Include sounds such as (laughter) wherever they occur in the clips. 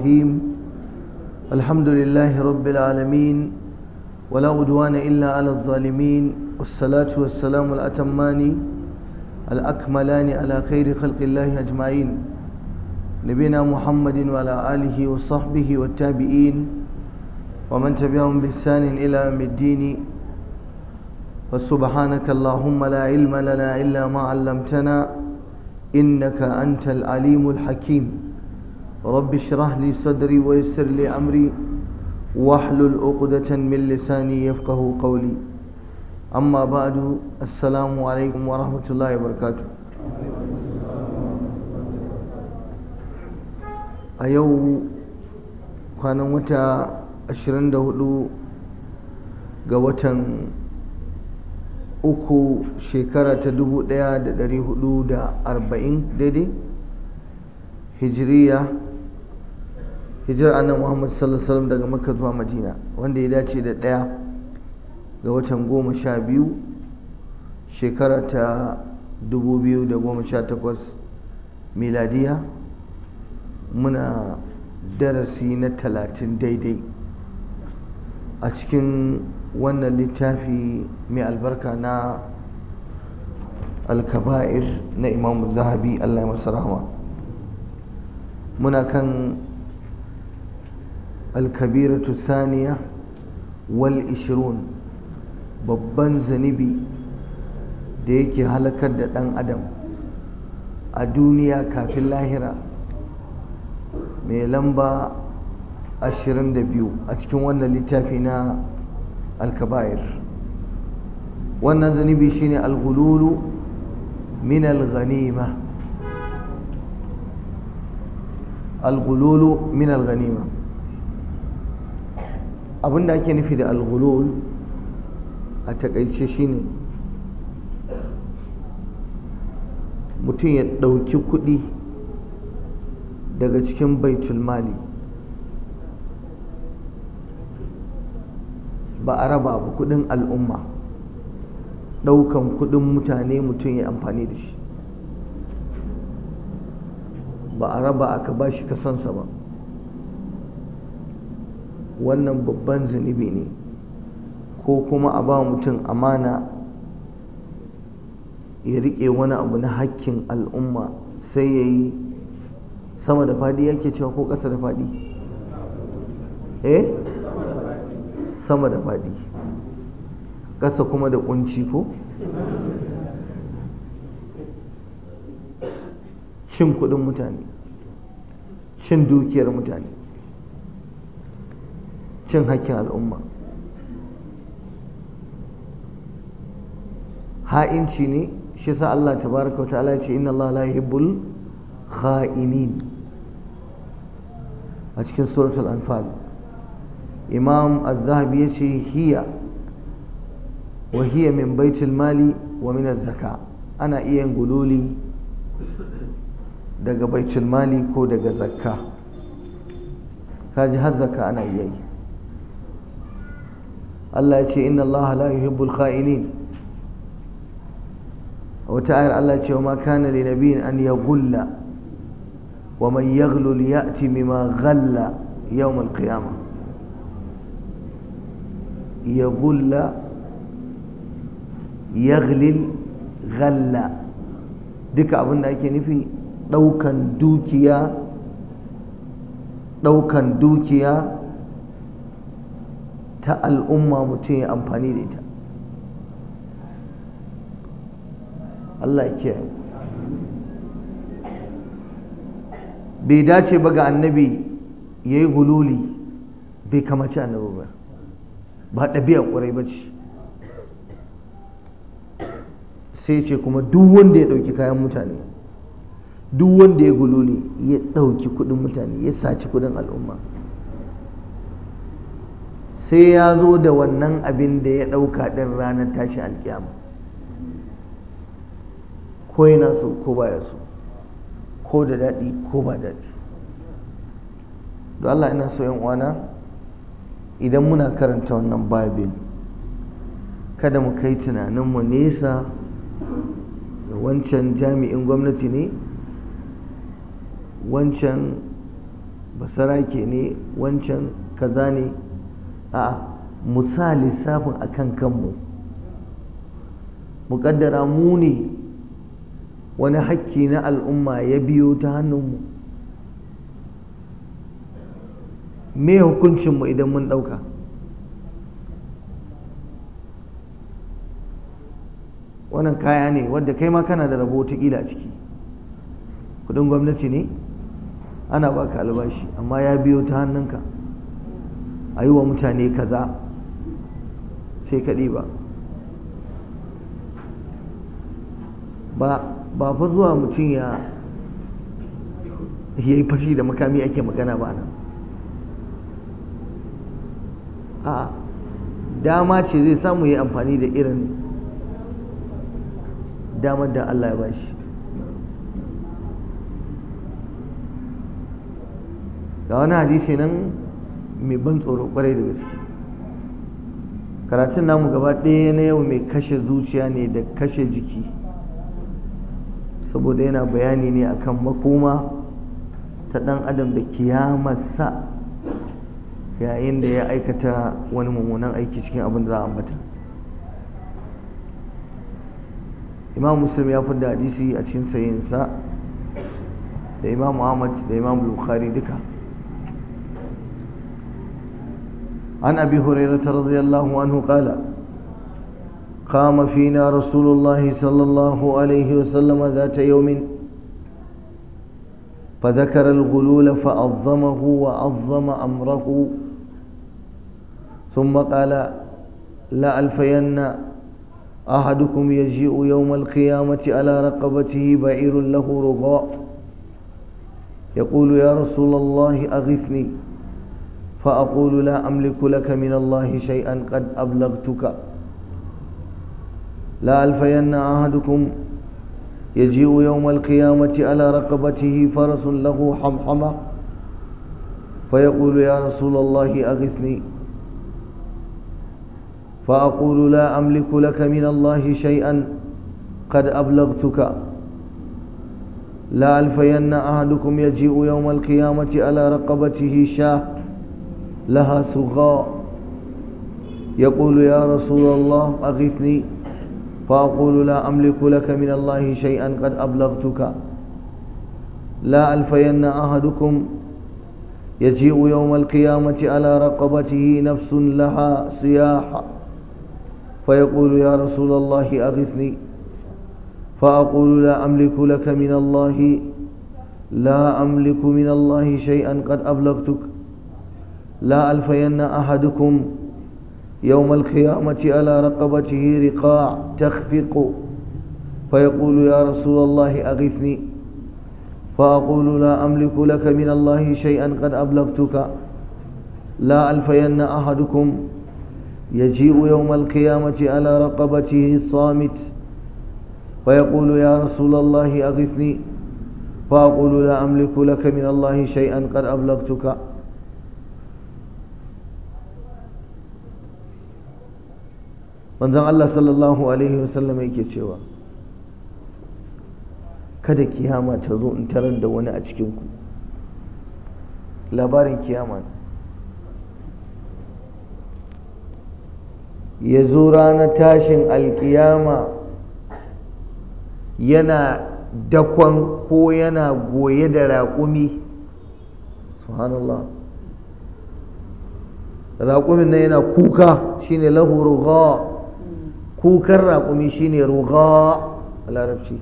الرحيم الحمد لله رب العالمين ولا عدوان إلا على الظالمين والصلاة والسلام الأتمان الأكملان على خير خلق الله أجمعين نبينا محمد وعلى آله وصحبه والتابعين ومن تبعهم بإحسان إلى يوم الدين وسبحانك اللهم لا علم لنا إلا ما علمتنا إنك أنت العليم الحكيم رب اشرح لي صدري ويسر لي أمري واحلل عقدة من لساني يفقه قولي أما بعد السلام عليكم ورحمة الله وبركاته a yau kwanan wata 24 ga watan uku shekara ta 1440 daidai hijiriya hijirar annan muhammad sallallahu alaihi daga makka zuwa madina wanda ya dace da ɗaya ga watan goma sha biyu shekara ta dubu biyu da goma sha takwas miladiya muna darasi na talatin daidai a cikin wannan littafi mai albarka na alkaba'ir na imamu zahabi allah ya masa muna kan alkabiratu saniya wal ishirun babban zanibi da yake halakar da ɗan adam a duniya kafin lahira mai lamba 22 a cikin wannan littafi na alkabair wannan zanibi shine alhululu min alghanima alghululu min alghanima abin da ake nufi da alghulul a takaice shine mutum ya ɗauki kuɗi daga cikin baitul mali ba a raba ba kuɗin al'umma ɗaukan kuɗin mutane mutum ya amfani da shi ba a raba aka bashi shi kasansa ba wannan babban zunubi ne ko kuma a ba mutum amana ya riƙe wani abu na hakkin al'umma sai ya yi sama da faɗi yake cewa ko ƙasa da faɗi eh sama da faɗi ƙasa kuma da ƙunci ko cin kuɗin mutane cin dukiyar mutane cin hakkin al'umma ha'inci ne shi sa Allah tabaraka ta'ala ce inna Allah la yuhibbul kha'inin a cikin suratul anfal imam az-zahabi yace hiya wa hiya min baitul mali wa min az-zaka ana iya yin gululi daga baitul mali ko daga zakka kaji har zakka ana iya yi الله يشي إن الله لا يحب الخائنين وتعالى الله يشي وما كان لنبي أن يغل ومن يغل ليأتي بما غل يوم القيامة يغل يغل غل دك أبو نايكين في دوكا دوكيا دوكا دوكيا ta al'umma mutum ya amfani da ita Allah ya kiyaye bai dace ba ga annabi ya yi gululi bai kamaci annabi ba ba ɗabi'a ƙwarai ba ce sai ce kuma duk wanda ya ɗauki kayan mutane duk wanda ya gululi ya ɗauki kuɗin mutane ya saci kuɗin al'umma sai ya zo da wannan abin da ya ɗauka ɗin ranar tashi alƙiyama ko yana so ko baya so ko da daɗi ko ba daɗi don Allah ina so wana idan muna karanta wannan babin kada mu kai tunaninmu nesa da wancan jami'in gwamnati ne wancan basarake ne wancan kaza ne a mu sa lissafin a kan kanmu muƙaddara mu ne wani hakki na al'umma ya biyo ta hannunmu me hukuncinmu idan mun ɗauka wannan kaya ne wadda kai ma kana da rabo ta a ciki kudin gwamnati ne ana baka albashi amma ya biyo ta hannunka a yi wa mutane kaza sai kaɗi ba ba fa zuwa mutum ya yi fashi da makami ake magana ba nan a dama ce zai samu ya amfani da irin damar da Allah ya ba shi ga wani hadisi nan mai ban tsoro kwarai da gaske karatun namu gaba ɗaya na yau mai kashe zuciya ne da kashe jiki saboda yana bayani ne akan makoma ta ɗan adam da kiyamarsa yayin da ya aikata wani mummunan aiki cikin abin da za a ambata imam muslim ya fi da hadisi a cikin sayinsa da imam muhammad da imam bukhari duka عن أبي هريرة رضي الله عنه قال قام فينا رسول الله صلى الله عليه وسلم ذات يوم فذكر الغلول فعظمه وعظم أمره ثم قال لا ألفين أحدكم يجيء يوم القيامة على رقبته بعير له رغاء يقول يا رسول الله أغثني فأقول لا أملك لك من الله شيئا قد أبلغتك لا ألفين أحدكم يجيء يوم القيامة على رقبته فرس له حمحمة فيقول يا رسول الله أغثني فأقول لا أملك لك من الله شيئا قد أبلغتك لا ألفين أحدكم يجيء يوم القيامة على رقبته شاه لها سغاء يقول يا رسول الله أغثني فأقول لا أملك لك من الله شيئا قد أبلغتك لا ألفين أحدكم يجيء يوم القيامة على رقبته نفس لها سياح فيقول يا رسول الله أغثني فأقول لا أملك لك من الله لا أملك من الله شيئا قد أبلغتك لا ألفين أحدكم يوم القيامة على رقبته رقاع تخفق فيقول يا رسول الله أغثني فأقول لا أملك لك من الله شيئا قد أبلغتك لا ألفين أحدكم يجيء يوم القيامة على رقبته الصامت فيقول يا رسول الله أغثني فأقول لا أملك لك من الله شيئا قد أبلغتك manzan Allah sallallahu alaihi wasallam yake cewa kada kiyama ta zo in tarar da wani a cikinku labarin kiyama ya zo ranar tashin alkiyama yana dakon ko yana goye da raƙumi subhanallah raƙumin nan yana kuka shine lahu rugha kukan raƙumi shine ruga a larabci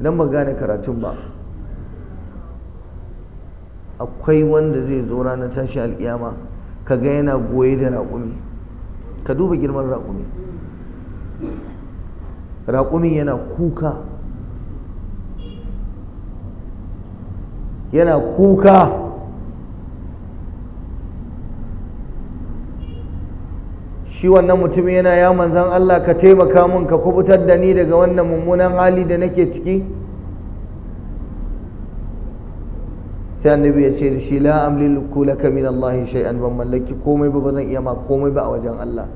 don ba gane karatun ba akwai wanda zai zo ranar tashi al'iyama ka ga yana goye da raƙumi ka duba girman raƙumi raƙumi yana kuka yana kuka shi wannan mutum yana ya manzan Allah ka taimaka min ka kubutar da ni daga wannan mummunan hali da nake ciki sai annabi ya ce da shi la amliku kulaka min Allah shay'an ban mallaki komai ba bazan iya ma komai ba a wajen Allah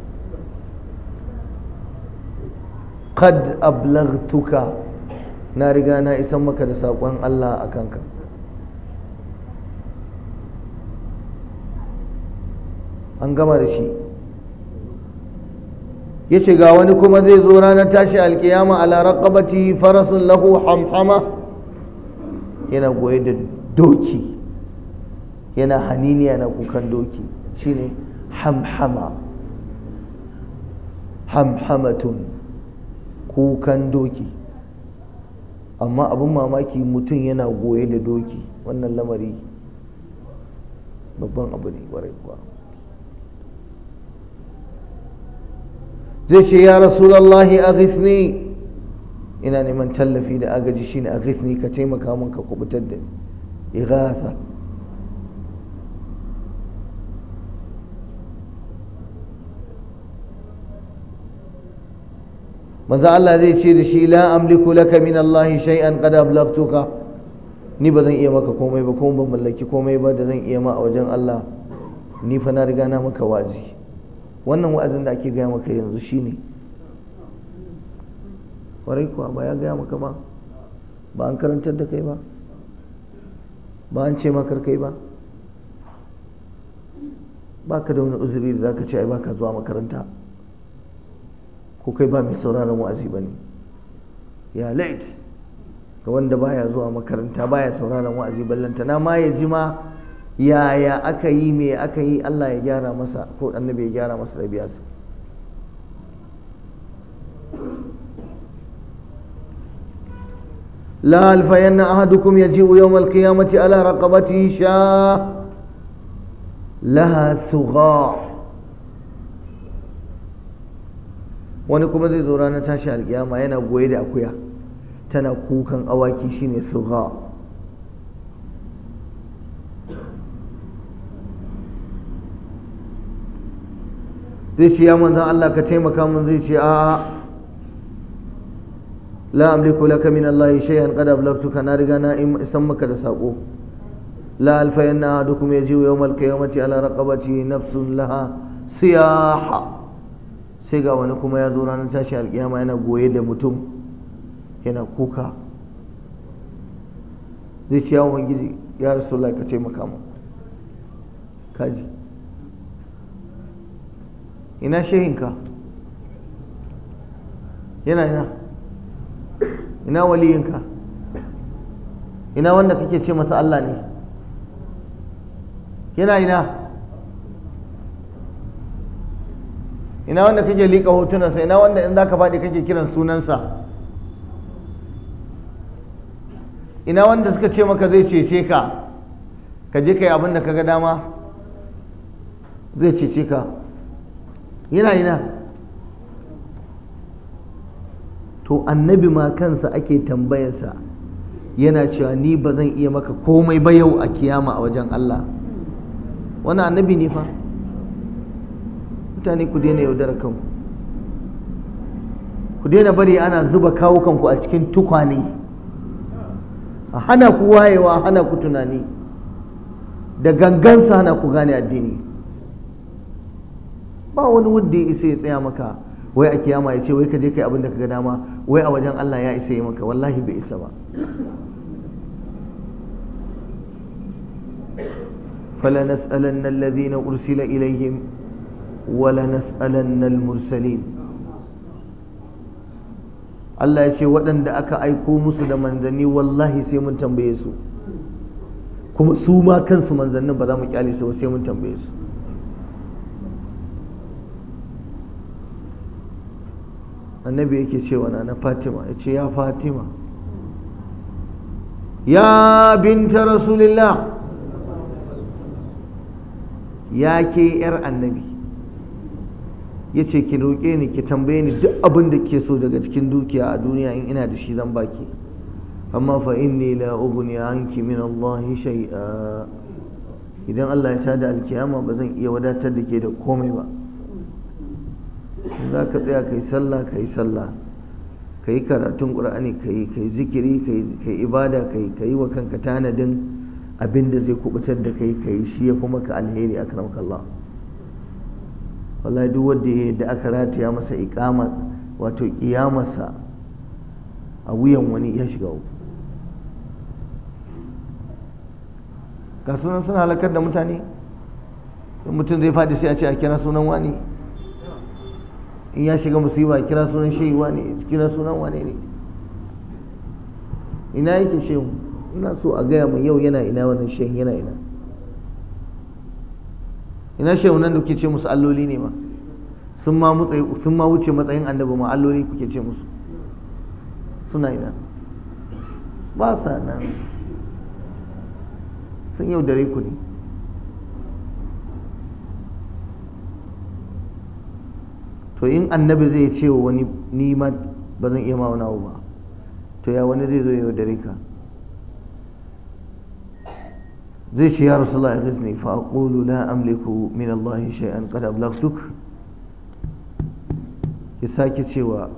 qad ablaghtuka na riga na isan maka da sakon Allah a kanka an gama da shi ya ce ga wani kuma zai zo ranar tashi alkiyama ala raqabati farasun lahu hamhama yana goye da doki yana haniniya na kukan doki shine hamhama hamhamatun kukan doki amma abin mamaki mutum yana goye da doki wannan lamari babban abu ne ƙwarai kuwa zai ce ya rasulallahi a gisni ina neman tallafi da agaji shi ne a gisni ka taimaka min ka kubutar da ni ighatha manzo Allah zai ce da shi la amliku laka min Allah shay'an qad ablagtuka ni ba zan iya maka komai ba kuma ban mallaki komai ba da zan iya ma a wajen Allah ni fa na riga na maka waji wannan wa'azin da ake gaya maka yanzu shine kwarai kuwa ba ya gaya maka ba ba an karantar da kai ba ba an ce makar kai ba ba ka da wani uzuri da za ka ce ai ba ka zuwa makaranta ko kai ba mai sauraron wa'azi ba ne ya laifi ga wanda baya zuwa makaranta baya sauraron wa'azi na ma ya ji ma yaya aka yi me aka yi Allah ya gyara masa ko annabi ya gyara masa ɗabi'arsa ya ji uyo يجيء ya mace ala رقبته sha laha ثغاء wani kuma zai zo ranar tashi alkiyama yana goye da akuya tana kukan awaki shine suga zai ce ya manzan Allah ka taimaka mun zai ce a la amliku laka min Allah shay'an qad ablagtuka na riga na isan maka da sako la alfayanna ahadukum yaji'u yawmal qiyamati ala raqabati nafsun laha siyaha sai ga wani kuma ya zo ranar tashi alkiyama yana goye da mutum yana kuka zai ce ya ubangiji ya rasulullah ka taimaka mu kaji ina shehinka yana ina ina waliyinka ina wanda kake ce masa Allah ne yana ina ina wanda kake liƙa hotunansa ina wanda in za ka faɗi kake kiran sunansa ina wanda suka ce maka zai cece ka ka je ka yi abin da ka ga dama zai cece ka yana yana to annabi ma kansa ake tambayarsa yana cewa ni ba zan iya maka komai ba yau a kiyama a wajen Allah wani annabi ne fa mutane ku daina yaudara kanku ku daina bari ana zuba kawo kanku a cikin tukwane a hana ku wayewa hana ku tunani da gangansa hana ku gane addini ba wani wanda ya isa ya tsaya maka wai a kiyama ya ce wai ka je kai abin da ka ga dama wai a wajen Allah ya isa ya maka wallahi bai isa ba فلنسألن الذين wala إليهم ولنسألن mursalin. Allah ya ce waɗanda aka aiko musu da manzanni wallahi sai mun tambaye su kuma su ma kansu manzannin ba za mu kyale su sai mun tambaye su annabi yake cewa na fatima ya ce ya fatima ya binta rasulillah ya ke yar annabi ya ce ki roƙe ni ki tambaye ni duk abin da ke so daga cikin dukiya a duniya in ina da shi zan baki amma fa inni la ughni anki min Allah shay'a idan Allah ya tada alkiyama ba zan iya wadatar da ke da komai ba za ka tsaya ka yi sallah ka yi sallah ka yi karatun ƙur'ani ka yi zikiri ka yi ibada ka yi wa kanka tanadin abin da zai kubutar da kai ka yi shi ya fi maka alheri a karamakallah wallahi duk wanda ya da aka rataya masa ikama wato ƙiyamarsa a wuyan wani ya shiga uku ga sunan suna halakar da mutane mutum zai faɗi sai a ce a kira sunan wani in ya shiga musiba kira sunan wa wane kira sunan wane ne ina yake shehu ina so a gaya mu yau yana ina wannan shehu yana ina ina shehu nan da kuke ce musu alloli ne ma sun ma wuce matsayin annabi ma alloli kuke ce musu suna ina ba sa nan sun yau dare ku ne to in annabi zai ce wa wani ni ba zan iya ma wani ba to ya wani zai zo ya dare ka zai ce ya rasu la'a ya gazni fa aqulu la amliku min Allah shay'an qad ablaghtuk ya sake cewa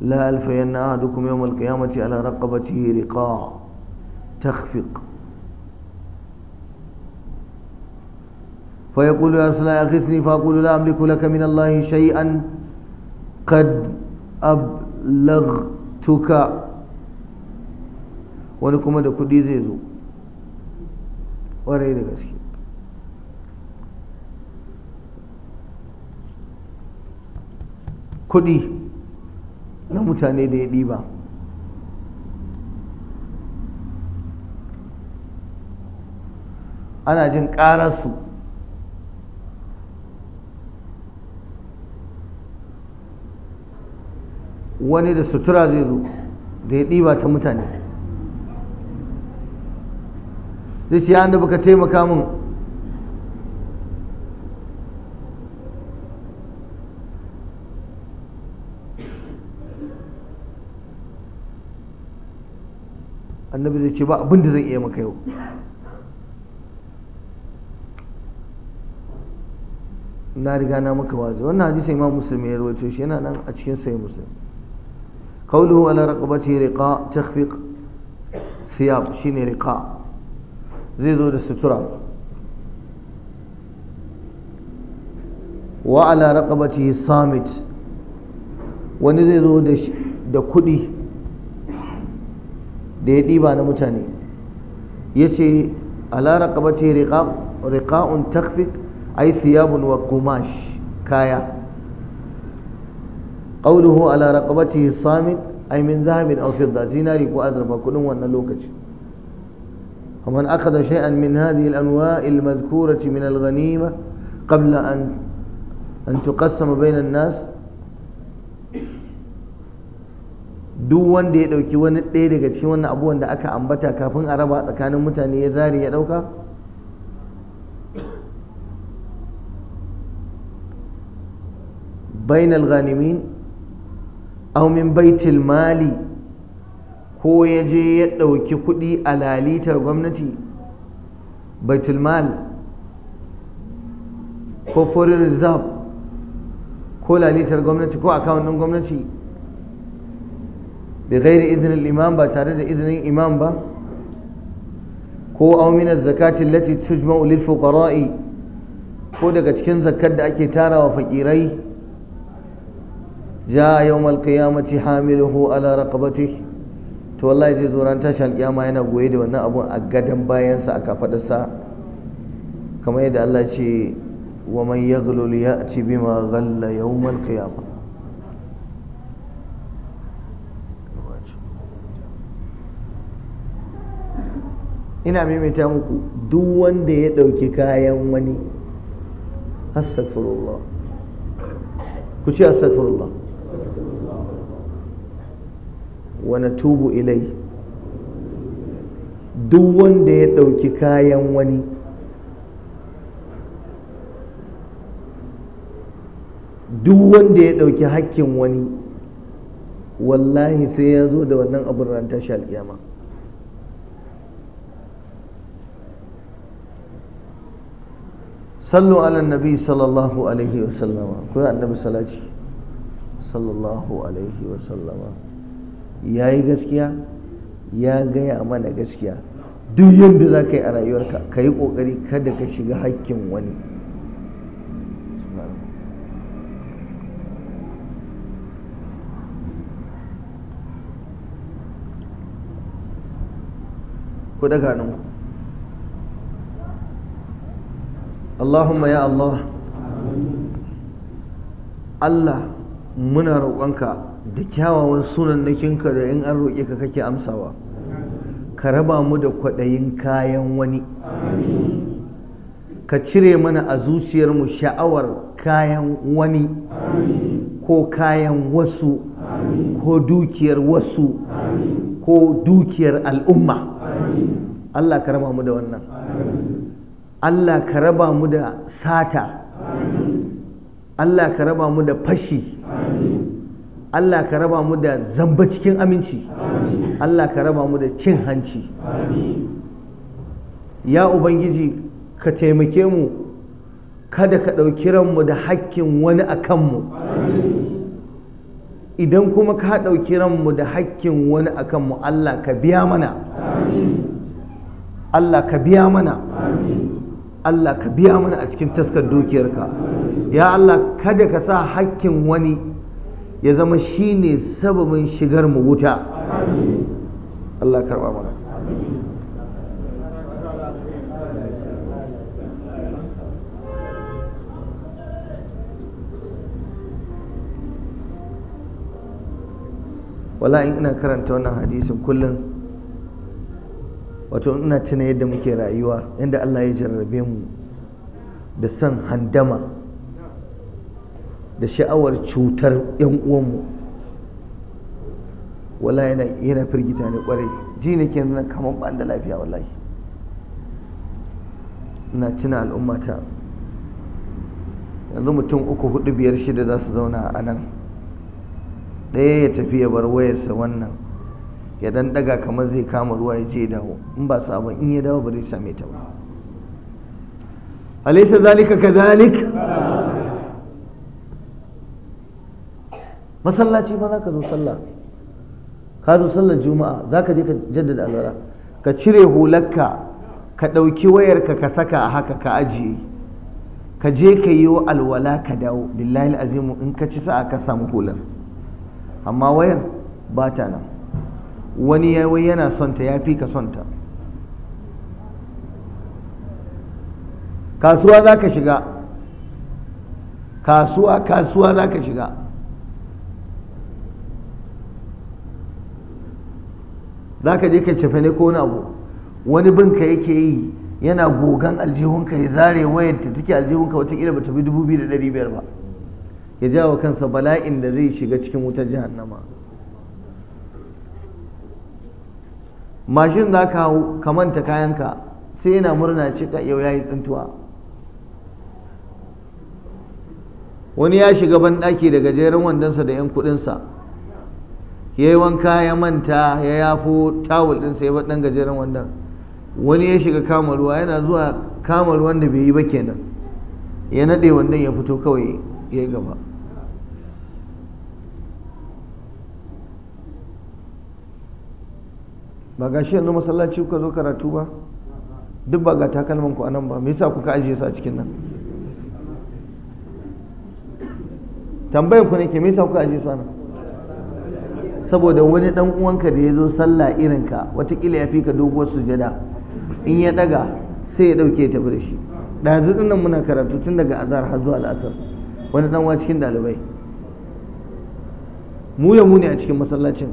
la alfayanna ahadukum yawm al-qiyamati ala raqabatihi riqa takhfiq فيقول يا رسول الله أغثني فأقول لا أملك لك من الله شيئا قد أبلغتك ونكم دا كدي زيزو ورأي لغسكي kudi na mutane da ya ɗiba ana jin ƙararsu wani da sutura zai zo da ya ɗiba ta mutane zai ce yana baka ka taimaka min annabi zai ce ba abin da zan iya maka yau na riga na maka wazi wannan hadisi imam muslim ya rawaito shi yana nan a cikin sai muslim قوله على رقبته رقاء تخفق ثياب شيني رقاء زيدوا للسترة وعلى رقبته صامت ونزيدوا da kuɗi da ya ɗiba na mutane ya ce alara ƙabace riƙa'un takfik ai siyabun wa kaya qawluhu ala raqabatihi samit ay min zahabin aw fidda zinari ko azurfa kudin wannan lokaci ومن أخذ شيئا من هذه الأنواع المذكورة من الغنيمة قبل أن أن تقسم بين الناس duk wanda ya ɗauki wani ɗaya daga cikin wannan abubuwan da aka ambata kafin a raba tsakanin mutane ya zari ya ɗauka bainal ganimi. aw min baitil mali ko ya je ya ɗauki kuɗi a lalitar gwamnati baitul mal ko foreign reserve ko lalitar gwamnati ko akawunin gwamnati bi gairi izinin imam ba tare da izinin imam ba ko auminar zakatin lati tujma'u lil fuqara'i ko daga cikin zakkar da ake tarawa fakirai ja mace qiyamati hamiluhu ala raqabatihi to wallahi zai zo ran tashin alƙiyama yana goye da wannan abun a gadon bayansa a kafadarsa kamar yadda Allah ce wa man yaghlul ya'ti bima ghalla yawmal qiyama ina maimaita muku duk wanda ya ɗauki kayan wani astagfirullah ku ce astagfirullah wa tubu ilai duk wanda ya ɗauki kayan wani duk wanda ya ɗauki hakkin wani wallahi sai ya zo da wannan abin ran tashi alƙiyama sallu ala nabi sallallahu alaihi wasallama ko annabi salati sallallahu alaihi wasallama ya yi gaskiya ya gaya mana gaskiya duk yadda za ka yi a rayuwarka ka yi ƙoƙari kada ka shiga hakkin wani ku daga Allahumma ya Allah Allah muna roƙonka da kyawawan sunannakinka da in an roƙe ka kake amsawa ka raba mu da kwaɗayin kayan wani ka cire mana a zuciyarmu sha'awar kayan wani ko kayan wasu ko dukiyar wasu ko dukiyar al'umma Allah ka raba mu da wannan Allah ka raba mu da sata Allah ka raba mu da fashi Allah ka raba mu da zamba cikin aminci Allah ka raba mu da cin hanci ya ubangiji ka taimake mu kada ka ɗauki ranmu da hakkin wani a kanmu idan kuma ka ɗauki ranmu da hakkin wani a kanmu Allah ka biya mana Allah ka biya mana Allah ka biya mana a cikin taskar dukiyarka ya Allah kada ka sa hakkin wani ya zama shi ne sababin shigar mu wuta Allah karba mana wala in ina karanta wannan hadisin kullum wato ina tuna yadda muke rayuwa yadda Allah ya jarrabe mu da san handama da sha'awar cutar 'yan uwanmu wala yana firgita ne kwarai ji nake nan kamar ban da lafiya wallahi ina tuna al'ummata yanzu mutum uku hudu biyar shida za su zauna a nan ɗaya ya tafi ya bar wayarsa wannan ya dan daga kamar zai kama ruwa ya je dawo in ba sabon in ya dawo ba zai same ta ba alaisa zalika kadhalik masallaci ma za ka zo sallah ka zo sallar juma'a za ka je ka jaddada azara ka cire hularka ka ɗauki wayarka ka saka a haka ka ajiye ka je ka yi alwala ka dawo lillahi azimu in ka ci sa'a ka samu hular amma wayar ba ta nan wani yawai yana son ta ya fi ka son ta kasuwa za ka shiga kasuwa kasuwa za ka shiga za ka je ka cefe ne ko wani abu wani bin ka yake yi yana gogan aljihunka ya zare wayar ta take aljihunka watakila ba ta bi dubu biyu da ɗari biyar ba ya jawo kansa bala'in da zai shiga cikin wutar jahannama mashin za ka hau ka manta kayanka sai yana murna cika yau ya yi tsintuwa wani ya shiga ban ɗaki da gajeren wandonsa da 'yan kuɗinsa ya yi wanka ya manta ya yafo tawul ɗinsa sai ɗan gajeren wannan wani ya shiga kama ruwa yana zuwa kama ruwan da bai yi ba kenan ya naɗe wannan ya fito kawai ya yi gaba ba ga shi yanzu masallaci kuka zo karatu ba duk ba ga takalman ku anan ba me yasa kuka ajiye su a cikin nan tambayar ku ne ke me yasa kuka ajiye su anan saboda wani dan uwanka da ya zo sallah irinka watakila ya fi ka doguwar sujada in ya daga sai ya dauke ya tafi da shi ɗazu dinnan muna karatu tun daga azhar har zuwa al'asar wani dan uwa cikin ɗalibai mu ya muni a cikin masallacin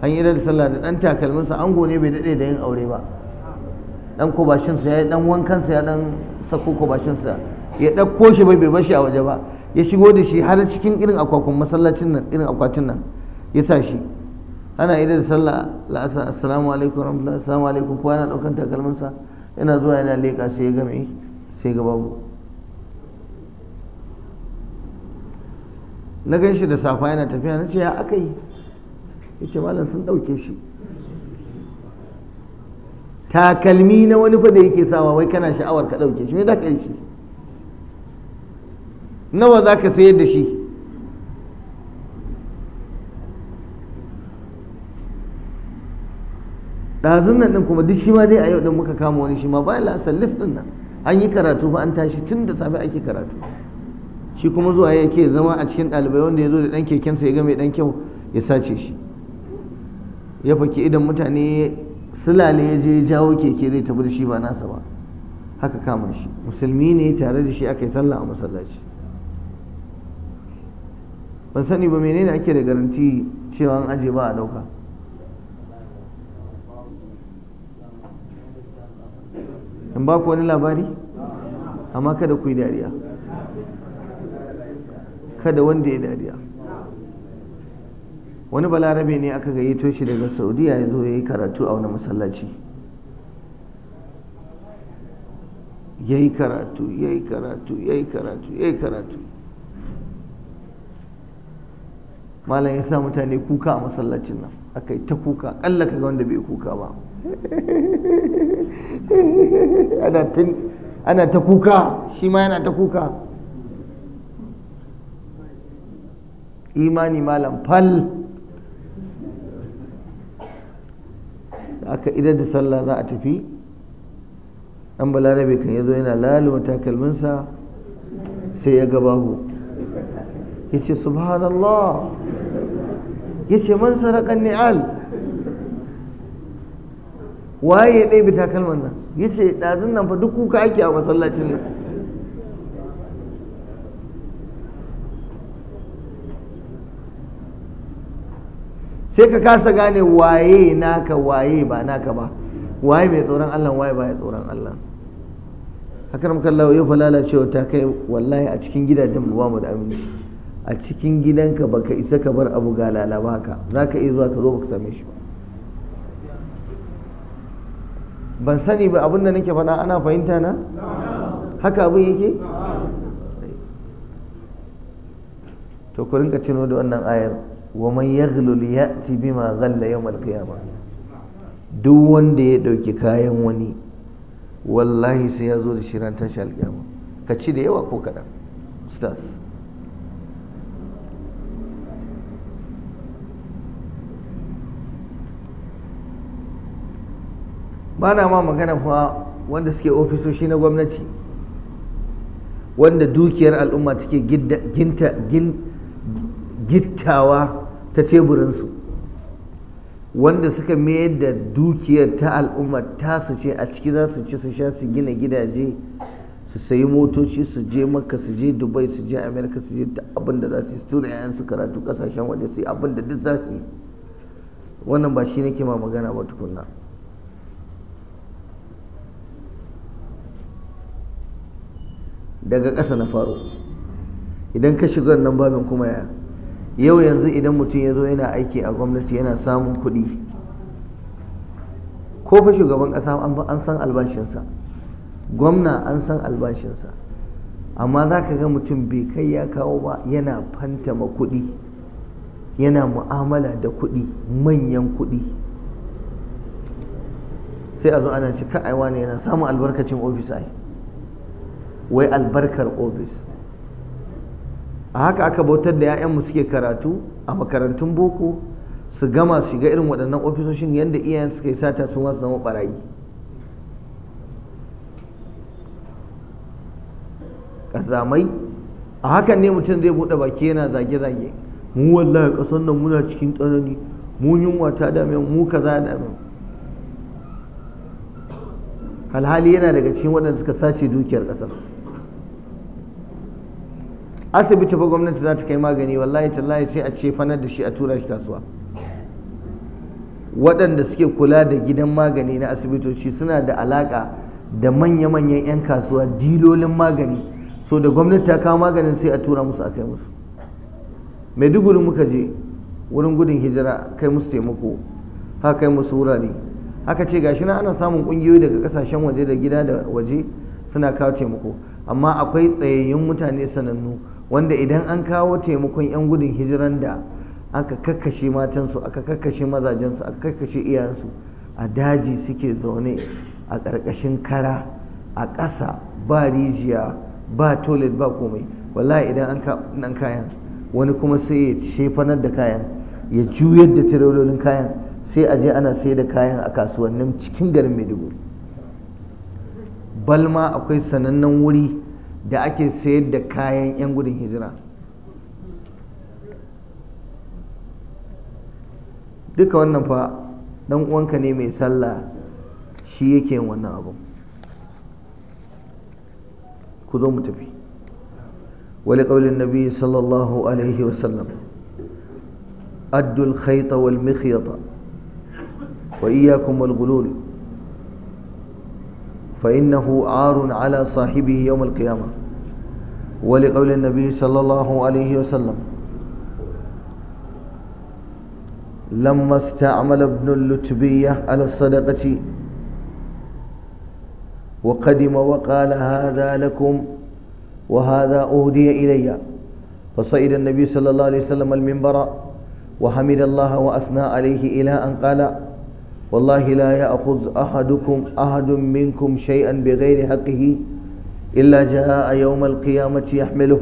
an yi da sallah da dan takalmin sa ango ne bai dade da yin aure ba dan sa ya yi dan sa ya dan sako sa ya dauko shi bai bai bashi a waje ba ya shigo da shi har cikin irin akwakun masallacin nan irin akwatin nan ya sa shi ana idan da sallah la'asa assalamu alaikum rahmatullahi assalamu alaikum kowa yana daukan takalminsa yana zuwa yana leƙa sai ya game sai ga babu na gan shi da safa yana tafiya na ce ya aka yi ya ce malam sun ɗauke shi takalmi na wani fa da yake sawa wai kana sha'awar ka ɗauke shi me da shi nawa za ka sayar da shi ɗazun nan ɗin kuma duk shi ma dai a yau ɗin muka kama wani shi ma ba lasa sallif ɗin nan an yi karatu ba an tashi tun da safe ake karatu shi kuma zuwa yake zama a cikin ɗalibai wanda ya zo da ɗan kekensa ya ga ɗan kyau ya sace shi ya faki idan mutane sulale ya je jawo keke zai tafi da shi ba nasa ba haka kama shi musulmi ne tare da shi aka yi sallah a masallaci ban sani ba menene ake da garanti cewa an aje ba a dauka in ba ku wani labari amma kada ku yi dariya kada wanda ya dariya wani balarabe ne aka gayyato shi daga saudiya ya zo ya yi karatu a wani masallaci ya yi karatu ya yi karatu ya yi karatu ya yi karatu malam ya sa mutane kuka a masallacin nan aka yi ta kuka ƙalla kaga wanda bai kuka ba (laughs) ana ta kuka shi ma yana ta kuka imani malam fal aka idan da sallah za a tafi ɗan balarabe kan yazo yana laluwa takalminsa sai ya ga babu yace subhanallah yace man saraka ni'al waye ya ɗaya takalman nan yace ɗazun nan fa duk kuka ake a masallacin nan sai ka kasa gane waye naka waye ba naka ba waye mai tsoron Allah waye ba ya tsoron Allah hakaram kallahu yau falala cewa ta kai wallahi a cikin gidajen mu ba mu da aminci a cikin gidanka baka isa ka bar abu ga lalaba ka za ka iya zuwa ka zo baka same shi ba ban sani ba abin da nake faɗa ana fahimta na haka abin yake to ku rinka cino da wannan ayar wa man yaghlul ya'ti bima ghalla yawm al duk wanda ya dauki kayan wani wallahi sai ya zo da shi al ka ci da yawa ko kaɗan ustaz ba na ma magana fa wanda suke ofisoshi na gwamnati wanda dukiyar al'umma take gittawa ta teburinsu wanda suka mayar da dukiyar ta al'umma su ce a ciki za su ci su sha su gina gidaje su sayi motoci su je maka su je dubai su je amerika su je ta abin da za su yi tura yayan su karatu kasashen waje su yi abin da duk za su yi wannan ba shi nake ma magana ba tukunna daga ƙasa na faro idan ka shiga nan babin kuma ya yau yanzu idan mutum ya zo yana aiki a gwamnati yana samun kuɗi ko fa shugaban ƙasa an san albashinsa gwamna an san albashinsa amma za ka ga mutum bai kai ya kawo ba yana fantama kuɗi yana mu'amala da kuɗi manyan kuɗi sai a zo ana cika aiwa ne yana samun albarkacin ofis ai wai albarkar ofis a haka aka bautar da 'ya'yanmu suke karatu a makarantun boko su gama su shiga irin waɗannan ofisoshin yadda iyayen suka yi sata sun masu zama ɓarayi ƙazamai a hakan ne mutum zai buɗe baki yana zage-zage mu wallahi ƙasar nan muna cikin tsanani mu yunwa ta dame mu kaza dame alhali yana daga cikin waɗanda suka sace dukiyar ƙasar asibiti fa gwamnati za ta kai magani wallahi tallahi sai a ce fanar da shi a tura shi kasuwa waɗanda suke kula da gidan magani na asibitoci suna da alaka da manya-manyan 'yan kasuwa dilolin magani so da gwamnati ta kawo maganin sai a tura musu a kai musu maiduguri muka je wurin gudun hijira kai musu taimako haka kai musu wurare haka ce gashi na ana samun ƙungiyoyi daga kasashen waje da gida da waje suna kawo taimako amma akwai tsayayyun mutane sanannu wanda idan an kawo taimakon 'yan gudun hijiran da aka kakkashe matansu aka kakkashe mazajensu aka kakkashe iyayensu a daji suke zaune a ƙarƙashin kara a ƙasa ba rijiya ba toilet ba komai wallahi idan an nan kayan wani kuma sai ya shefanar da kayan ya juyar da tirololin kayan sai a je ana sai da kayan a kasuwannin cikin garin maiduguri balma akwai sanannen wuri da ake sayar da kayan 'yan gudun hijira duka wannan fa dan uwanka ne mai sallah shi yake yin wannan abu ku zo mu tafi wali ƙaunin nabi sallallahu alaihi wasallam addul khaita wal mikhyata wa iyakum wal gulul فإنه عار على صاحبه يوم القيامة ولقول النبي صلى الله عليه وسلم لما استعمل ابن اللتبية على الصدقة وقدم وقال هذا لكم وهذا أهدي إلي فصعد النبي صلى الله عليه وسلم المنبر وحمد الله وأثنى عليه إلى أن قال والله لا يأخذ أحدكم أحد منكم شيئا بغير حقه إلا جاء يوم القيامة يحمله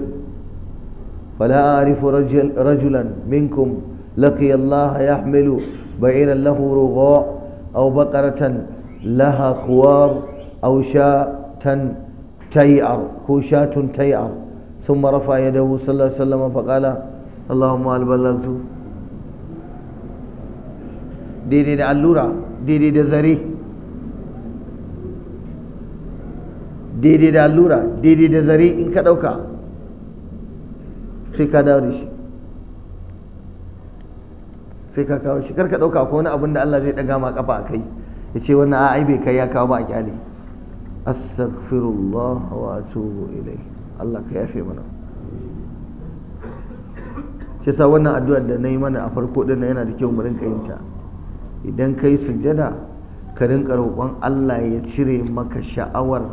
فلا أعرف رجل رجلا منكم لقي الله يحمل بعيرا له رغاء أو بقرة لها خوار أو شاة تيعر كوشاة تيعر ثم رفع يده صلى الله عليه وسلم فقال اللهم هل بلغت daidai da allura daidai da zare daidai da allura daidai da zare in ka ɗauka sai ka dawo da shi sai ka kawo shi karka ɗauka ko wani abin da Allah zai ɗaga ma kafa a kai ya ce wannan a aibe kai ya kawo ba a kyale astaghfirullah wa atubu ilai Allah ka yafe mana shi sa wannan addu'ar da na yi mana a farko ɗin yana da kyau mu rinka yin ta idan ka yi sujjada ka rinka roƙon Allah ya cire maka sha'awar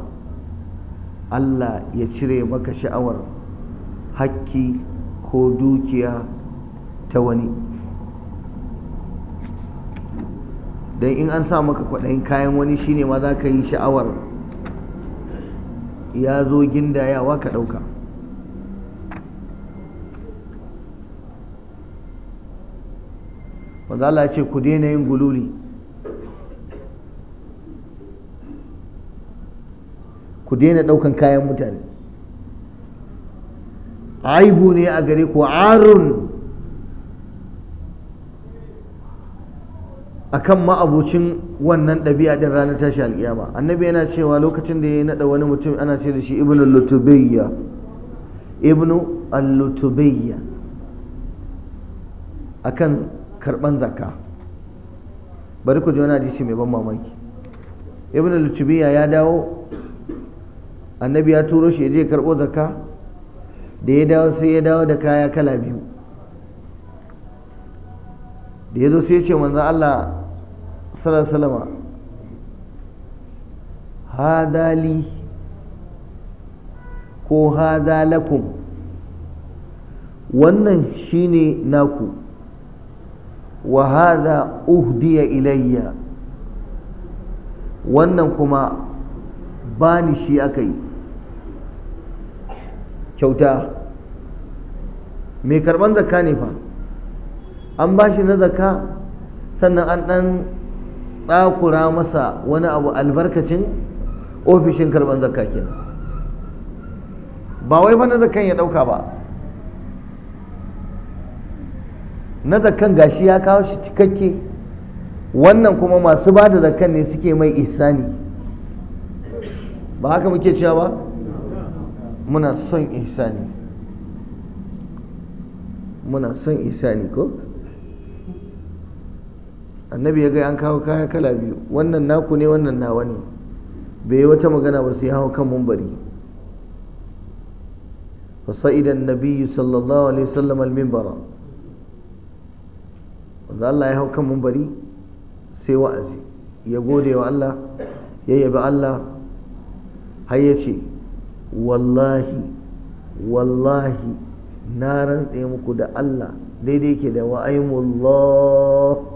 Allah ya cire maka sha'awar hakki ko dukiya ta wani don in an sa maka kwaɗayin kayan wani shine ma za ka yi sha'awar ya zo gindayawa ka ɗauka manzo Allah ya ce ku daina yin gululi ku daina daukan kayan mutane aibu ne a gare ku arun akan ma'abucin wannan ɗabi'a din ranar tashi alƙiyama annabi yana cewa lokacin da ya naɗa wani mutum ana ce da shi ibnu lutubayya ibnu al-lutubayya akan karban zakka bari ku ji wani hadisi mai ban mamaki ibn al ya dawo annabi ya turo shi ya je karbo zakka da ya dawo sai ya dawo da kaya kala biyu da ya zo sai ya ce manzon Allah sallallahu alaihi wasallam hadali ko hadalakum wannan shine naku uhdi ya ilayya wannan kuma bani shi aka yi kyauta mai karban zakka ne fa an bashi na zakka sannan an ɗan ɗakura masa wani abu albarkacin ofishin karban zakka kenan ba wai fa na zakkan ya ɗauka ba na zakan gashi ya kawo shi cikakke wannan kuma masu ba da zakan ne suke mai ihsani ba haka muke cewa ba muna son ihsani muna son ihsani ko annabi ya ga an kawo kaya kala biyu wannan naku ne wannan nawa ne bai yi wata magana ba sai hau kan mumbari sa'idan النبي sallallahu alaihi wasallam al المنبر wanda Allah ya hau kan mumbari sai wa'azi ya gode wa Allah ya yabi Allah har ya ce wallahi wallahi na rantse muku da Allah daidai ke da wa'aimullah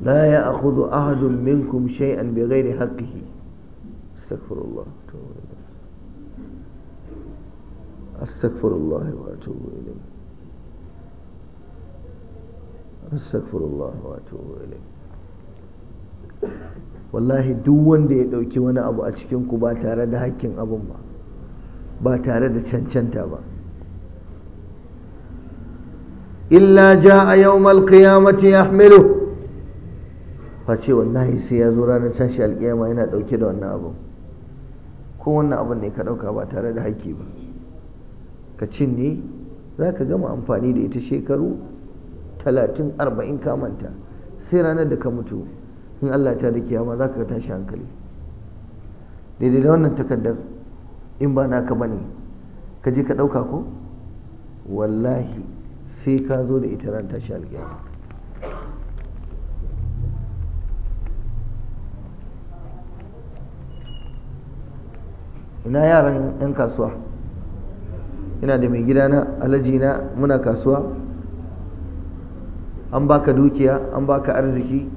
لا يأخذ أحد منكم شيئا بغير حقه استغفر الله أستغفر wa وأتوب إليه wa wallahi duk wanda ya ɗauki wani abu a cikinku ba tare da hakkin abin ba ba tare da cancanta ba illa ja a yau yawmal qiyamati yahmiluhu face wallahi sai ya zo ranar tashi alƙiyama yana ɗauke da wannan abin ko wannan abin ne ka ɗauka ba tare da haƙƙi ba ka cinye za ka gama amfani da ita shekaru talatin arba'in kamanta sai ranar da ka mutu in Allah ta da kiyama za ka tashi hankali daidai da wannan takardar in ba naka bane ka je ka ɗauka ko wallahi sai ka zo da ita ran tashi alkiyama ina yaran 'yan kasuwa ina da mai gidana na muna kasuwa an baka dukiya an baka arziki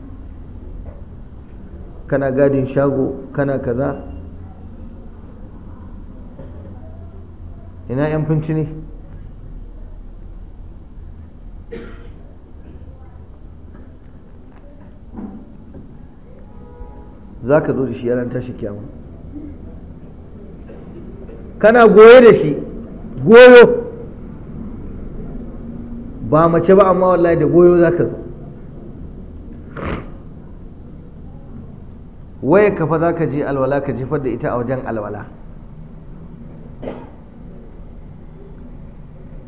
kana gadin shago kana kaza ina yan finci ne za ka zo da shi yaran tashi kyamu kana goye da shi goyo ba mace ba amma wallahi da goyo za ka zo waye kafa za ka je alwala ka jefar da ita a wajen alwala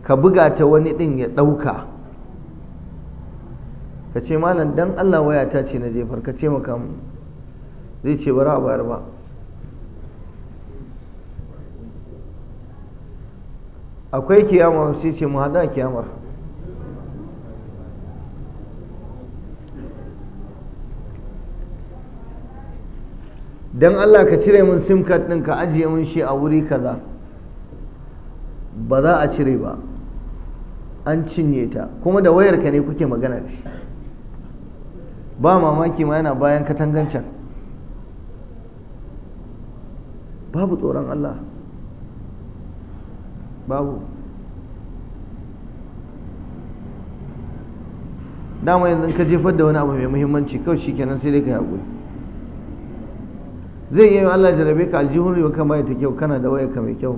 ka buga ta wani ɗin ya ɗauka ka ce malam dan allah waya ta ce na jefar ka ce maka zai ce bara a bayar ba akwai kiyama sai ce mu hada kiyamar don Allah ka cire mun sim card ɗin ka ajiye mun shi a wuri kaza ba za a cire ba an cinye ta kuma da wayar ka ne kuke magana da shi ba mamaki ma yana bayan katangancan babu tsoron Allah babu dama yanzu ka jefar da wani abu mai muhimmanci kawai kenan sai dai ka haƙuri zai iya Allah jarabe ka aljihun wa kama ta kyau kana da wayarka mai kyau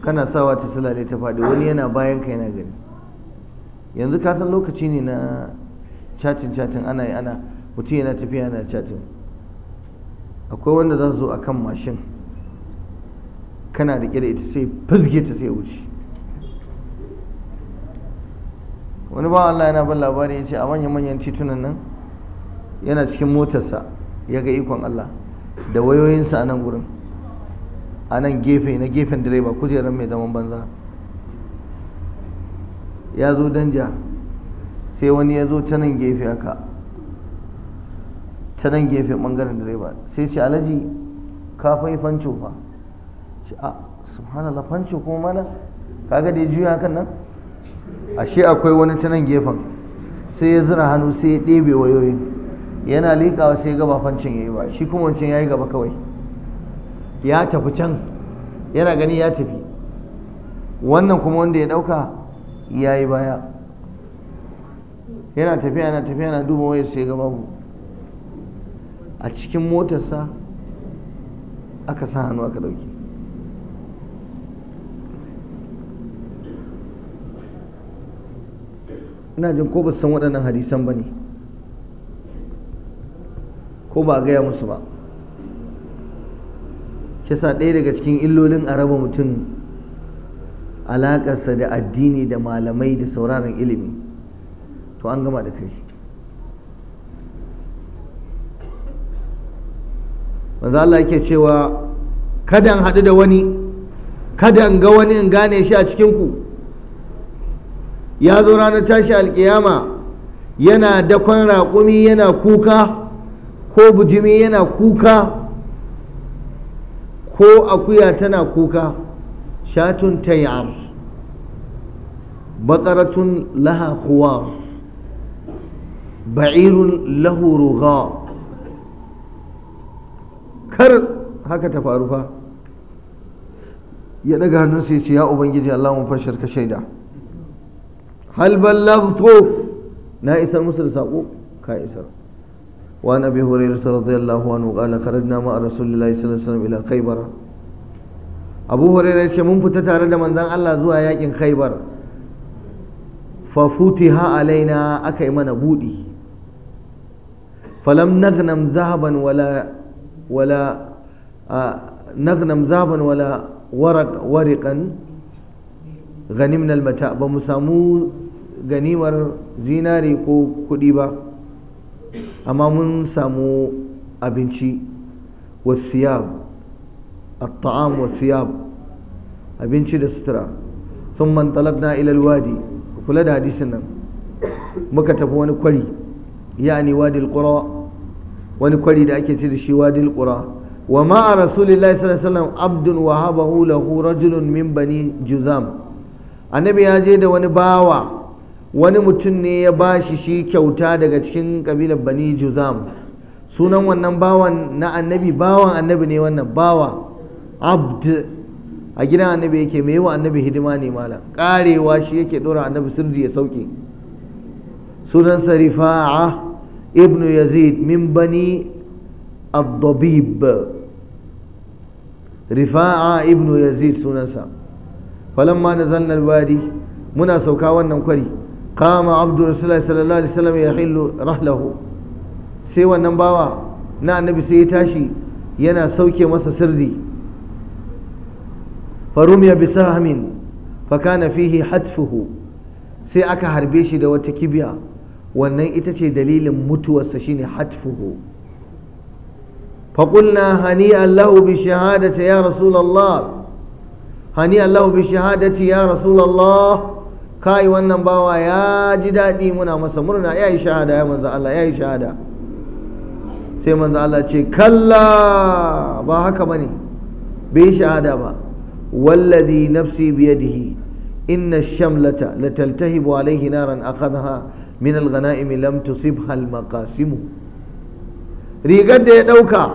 kana sawa ta sulale ta faɗi wani yana bayan ka yana gani yanzu ka san lokaci ne na chatin chatin ana yi ana mutum yana tafiya yana chatin akwai wanda za su zo a kan mashin kana da kira ita sai fizge ta sai wuce wani ba Allah yana ban labari ya ce a manyan manyan titunan nan yana cikin motarsa ya ga ikon Allah da wayoyinsa a nan gurin a nan gefe na gefen direba kujerar mai zaman banza ya zo danja sai wani ya zo ta nan gefe haka ta nan gefe bangaren direba sai ce alaji ka fai fanco fa ce a ah, subhanallah fanco kuma mana kaga da ya juya kan nan ashe akwai wani ta nan gefen sai ya zira hannu sai ya ɗebe wayoyin yana liƙawa sai gaba fancin yi ba shi kuma wancan ya yi gaba kawai ya tafi can yana gani ya tafi wannan kuma wanda ya ɗauka ya yi baya yana tafiya yana tafiya yana duba wayar sai gaba babu a cikin motarsa aka sa hannu aka ɗauki ina jin ko ba san waɗannan hadisan ba ne ko ba a gaya musu ba kisa ɗaya daga cikin illolin a raba mutum alaƙarsa da addini da malamai da sauraron ilimi to an gama da kai manzo Allah yake cewa kada in haɗu da wani kada in ga wani in gane shi a cikinku ya zo ranar tashi alƙiyama yana dakon raƙumi yana kuka ko bujimi yana kuka ko akuya tana kuka shatun tayar bakaratun laha kuwa ba'irun lahu ruga kar haka ta faru fa ya daga hannunsa ya ce ya ubangiji Allah mun fashar ka shaida hal ballaghtu na isar musu da sako ka isar وعن أبي هريرة رضي الله عنه قال خرجنا مع رسول الله صلى الله عليه وسلم إلى خيبر أبو هريرة من فتتار من ذن الله زوا يكن خيبر ففتح علينا أكيمنا بودي فلم نغنم ذهبا ولا ولا آه نغنم ذهبا ولا ورق ورقا غنمنا المتاع بمسامو ganimar zinari ko kuɗi ba amma mun samu abinci wasiyab الطعام والثياب abinci da sutura sun man talabna ilal wadi kula da hadisin nan muka tafi wani kwari yani wadil qura wani kwari da ake ci da shi wadil qura wa ma'a a rasulillahi sallallahu alaihi wasallam abdun rajulun min bani juzam annabi ya je da wani bawa wani mutum ne ya ba shi shi kyauta daga cikin kabilar bani juzam sunan wannan bawan na annabi bawan annabi ne wannan bawa abd a gidan annabi yake mai wa annabi hidima ne malam karewa shi yake dora annabi sirri ya sauke sunan sarifa'a ibn yazid min bani abdabib rifa'a ibn yazid sunansa falamma nazalna alwadi muna sauka wannan kwari Kama عبد رسول alaihi wasallam rahlahu sai wannan bawa na annabi sai ya tashi yana sauke masa sirri farumiya bi sahamin fakana fihi hatfuhu sai aka harbe shi da wata kibiya wannan ita ce dalilin mutuwarsa shine hatfuhu فقلنا هنيئا له بشهادة يا رسول الله هنيئا له بشهادة يا رسول الله kai wannan bawa ya ji daɗi muna masa murna ya yi shahada ya manzo Allah ya yi shahada sai manzo Allah ce kalla ba haka ba ne bai shahada ba wallazi nafsi biyadihi inna shamlata lataltahibu alaihi naran akhadha min alghanaimi lam tusibha almaqasim rigar da ya ɗauka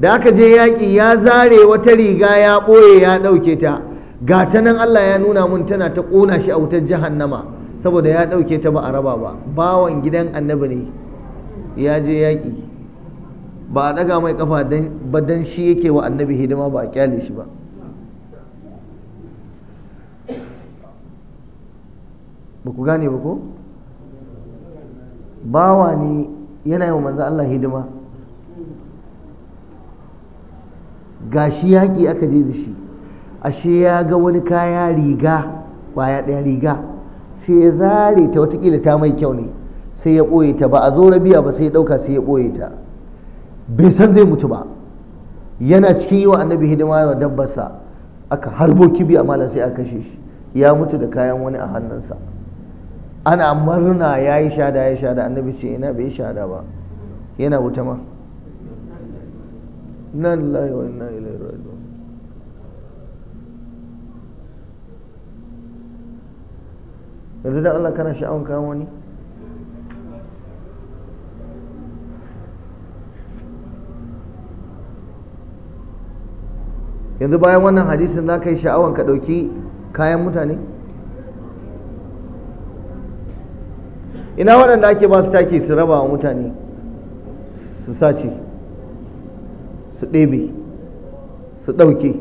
da aka je yaƙi ya zare wata riga ya ɓoye ya ɗauke ta ga ta nan Allah ya nuna mun tana ta ƙona shi a wutar jahannama saboda ya ɗauke ta ba a raba ba bawan gidan annabi ne ya je yaƙi ba a ɗaga mai ƙafa ba dan shi yake wa annabi hidima ba a kyale shi ba ba ku gane ba ko bawa ne yana yi wa manzo Allah hidima shi yaƙi aka je da shi ashe ya ga wani kaya riga kwaya ɗaya riga sai ya zare ta watakila ta mai kyau ne sai ya ɓoye ta ba a zo rabiya ba sai ya ɗauka sai ya ɓoye ta bai san zai mutu ba yana cikin yi wa annabi hidima wa dabbarsa aka harbo kibi a mala sai a kashe shi ya mutu da kayan wani a hannunsa ana murna ya yi shada ya shada annabi ce ina bai shada ba yana wuta ma nan wa ina ilai yanzu da Allah kana sha'awun kawo wani yanzu bayan wannan hadisin za ka yi sha'awan ka ɗauki kayan mutane ina waɗanda ake ba su take su raba wa mutane su sace su ɗebe su ɗauke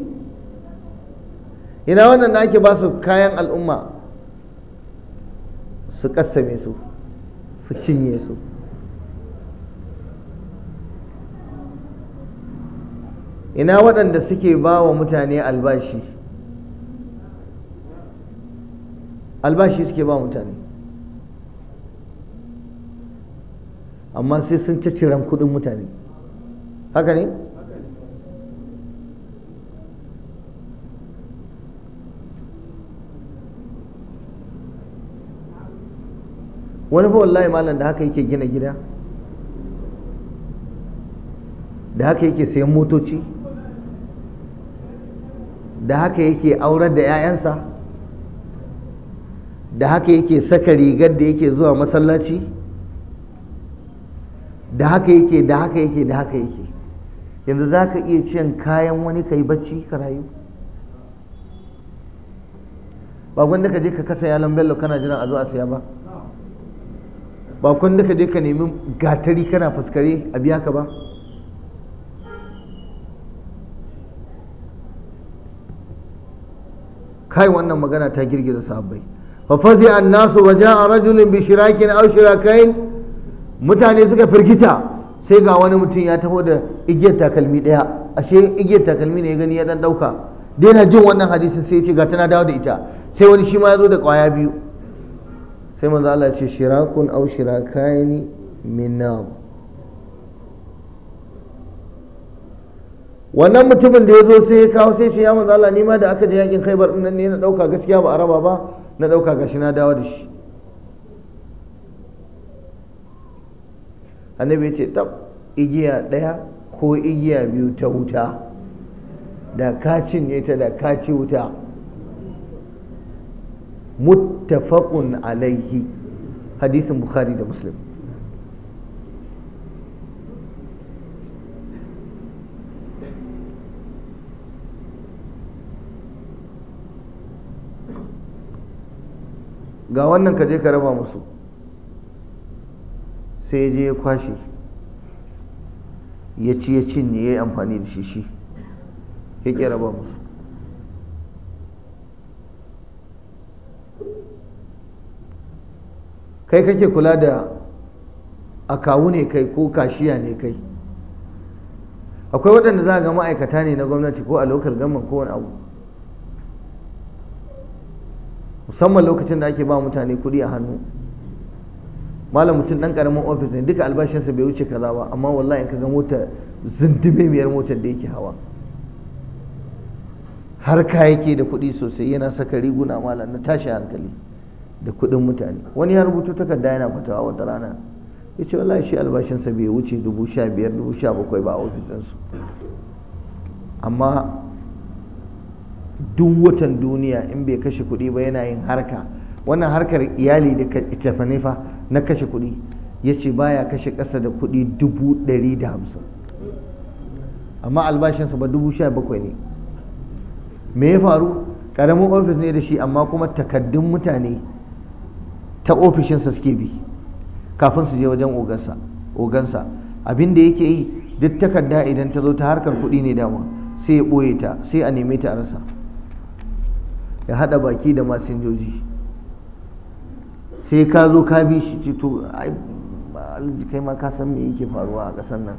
ina waɗanda ake ba su kayan al'umma su kassame su su cinye su ina waɗanda suke ba wa mutane albashi albashi suke ba mutane amma sai sun ciran kuɗin mutane haka ne? wani fa wallahi malam da haka yake gina gida da haka yake sayan motoci da haka yake aurar da 'ya'yansa da haka yake saka rigar da yake zuwa masallaci da haka yake da haka yake da haka yake yanzu za ka iya cin kayan wani ka yi bacci ka rayu ba gwanda ka je ka kasa yalan bello kana jiran a zo a siya ba ba kwanda ka je ka nemi gatari kana fuskare a biya ka ba kai wannan magana ta girgiza sahabbai fa fazi an nasu waje a rajulin bi shirakin aw shirakain mutane suka firgita sai ga wani mutum ya taho da igiyar takalmi daya ashe igiyar takalmi ne ya gani ya dan dauka daina jin wannan hadisin sai ya ce ga tana dawo da ita sai wani shi ma ya zo da kwaya biyu sai manzo Allah ce shirakun au shirakayni min nar wannan mutumin da ya zo sai ya kawo sai ce ya manzo Allah ni da aka je yakin Khaibar din nan ne na dauka gaskiya ba a raba ba na dauka gashi na dawo da shi annabi ya ce tab igiya daya ko igiya biyu ta wuta da kacin ne ta da kaci wuta muttafaqun alaihi hadisin bukhari da muslim ga wannan ka je ka raba musu sai je ya kwashe ya ci ya cinye ya yi amfani da shi shi ya raba musu kai kake kula da akawu ne kai ko kashiya ne kai akwai waɗanda za a ga ma'aikata ne na gwamnati ko a lokal gaman kowane abu musamman lokacin da ake ba mutane kuɗi a hannu malam mutum ɗan ƙaramin ofis ne duka albashinsa bai wuce kaza ba amma wallahi in ka ga mota zindime miyar motar da yake hawa har ka yake da kuɗi sosai yana saka riguna malam na tashi hankali da kuɗin mutane wani ya rubuta takarda yana fatawa wata rana ya ce wallahi shi albashinsa bai wuce dubu sha biyar dubu sha bakwai ba a ofisinsu amma duk watan duniya in bai kashe kuɗi ba yana yin harka wannan harkar iyali da cefane fa na kashe kuɗi ya ce baya kashe ƙasa da kuɗi dubu ɗari da hamsin amma albashinsa ba dubu sha bakwai ne me ya faru ƙaramin ofis ne da shi amma kuma takaddun mutane ta ofishinsa suke bi kafin su je wajen ogansa abin da yake yi duk takarda idan ta zo ta harkar kuɗi ne dama sai ya ɓoye ta sai a neme ta a rasa ya haɗa baki da masinjoji sai ka zo ka bi shi to kai ma ka san me yake faruwa a ƙasar nan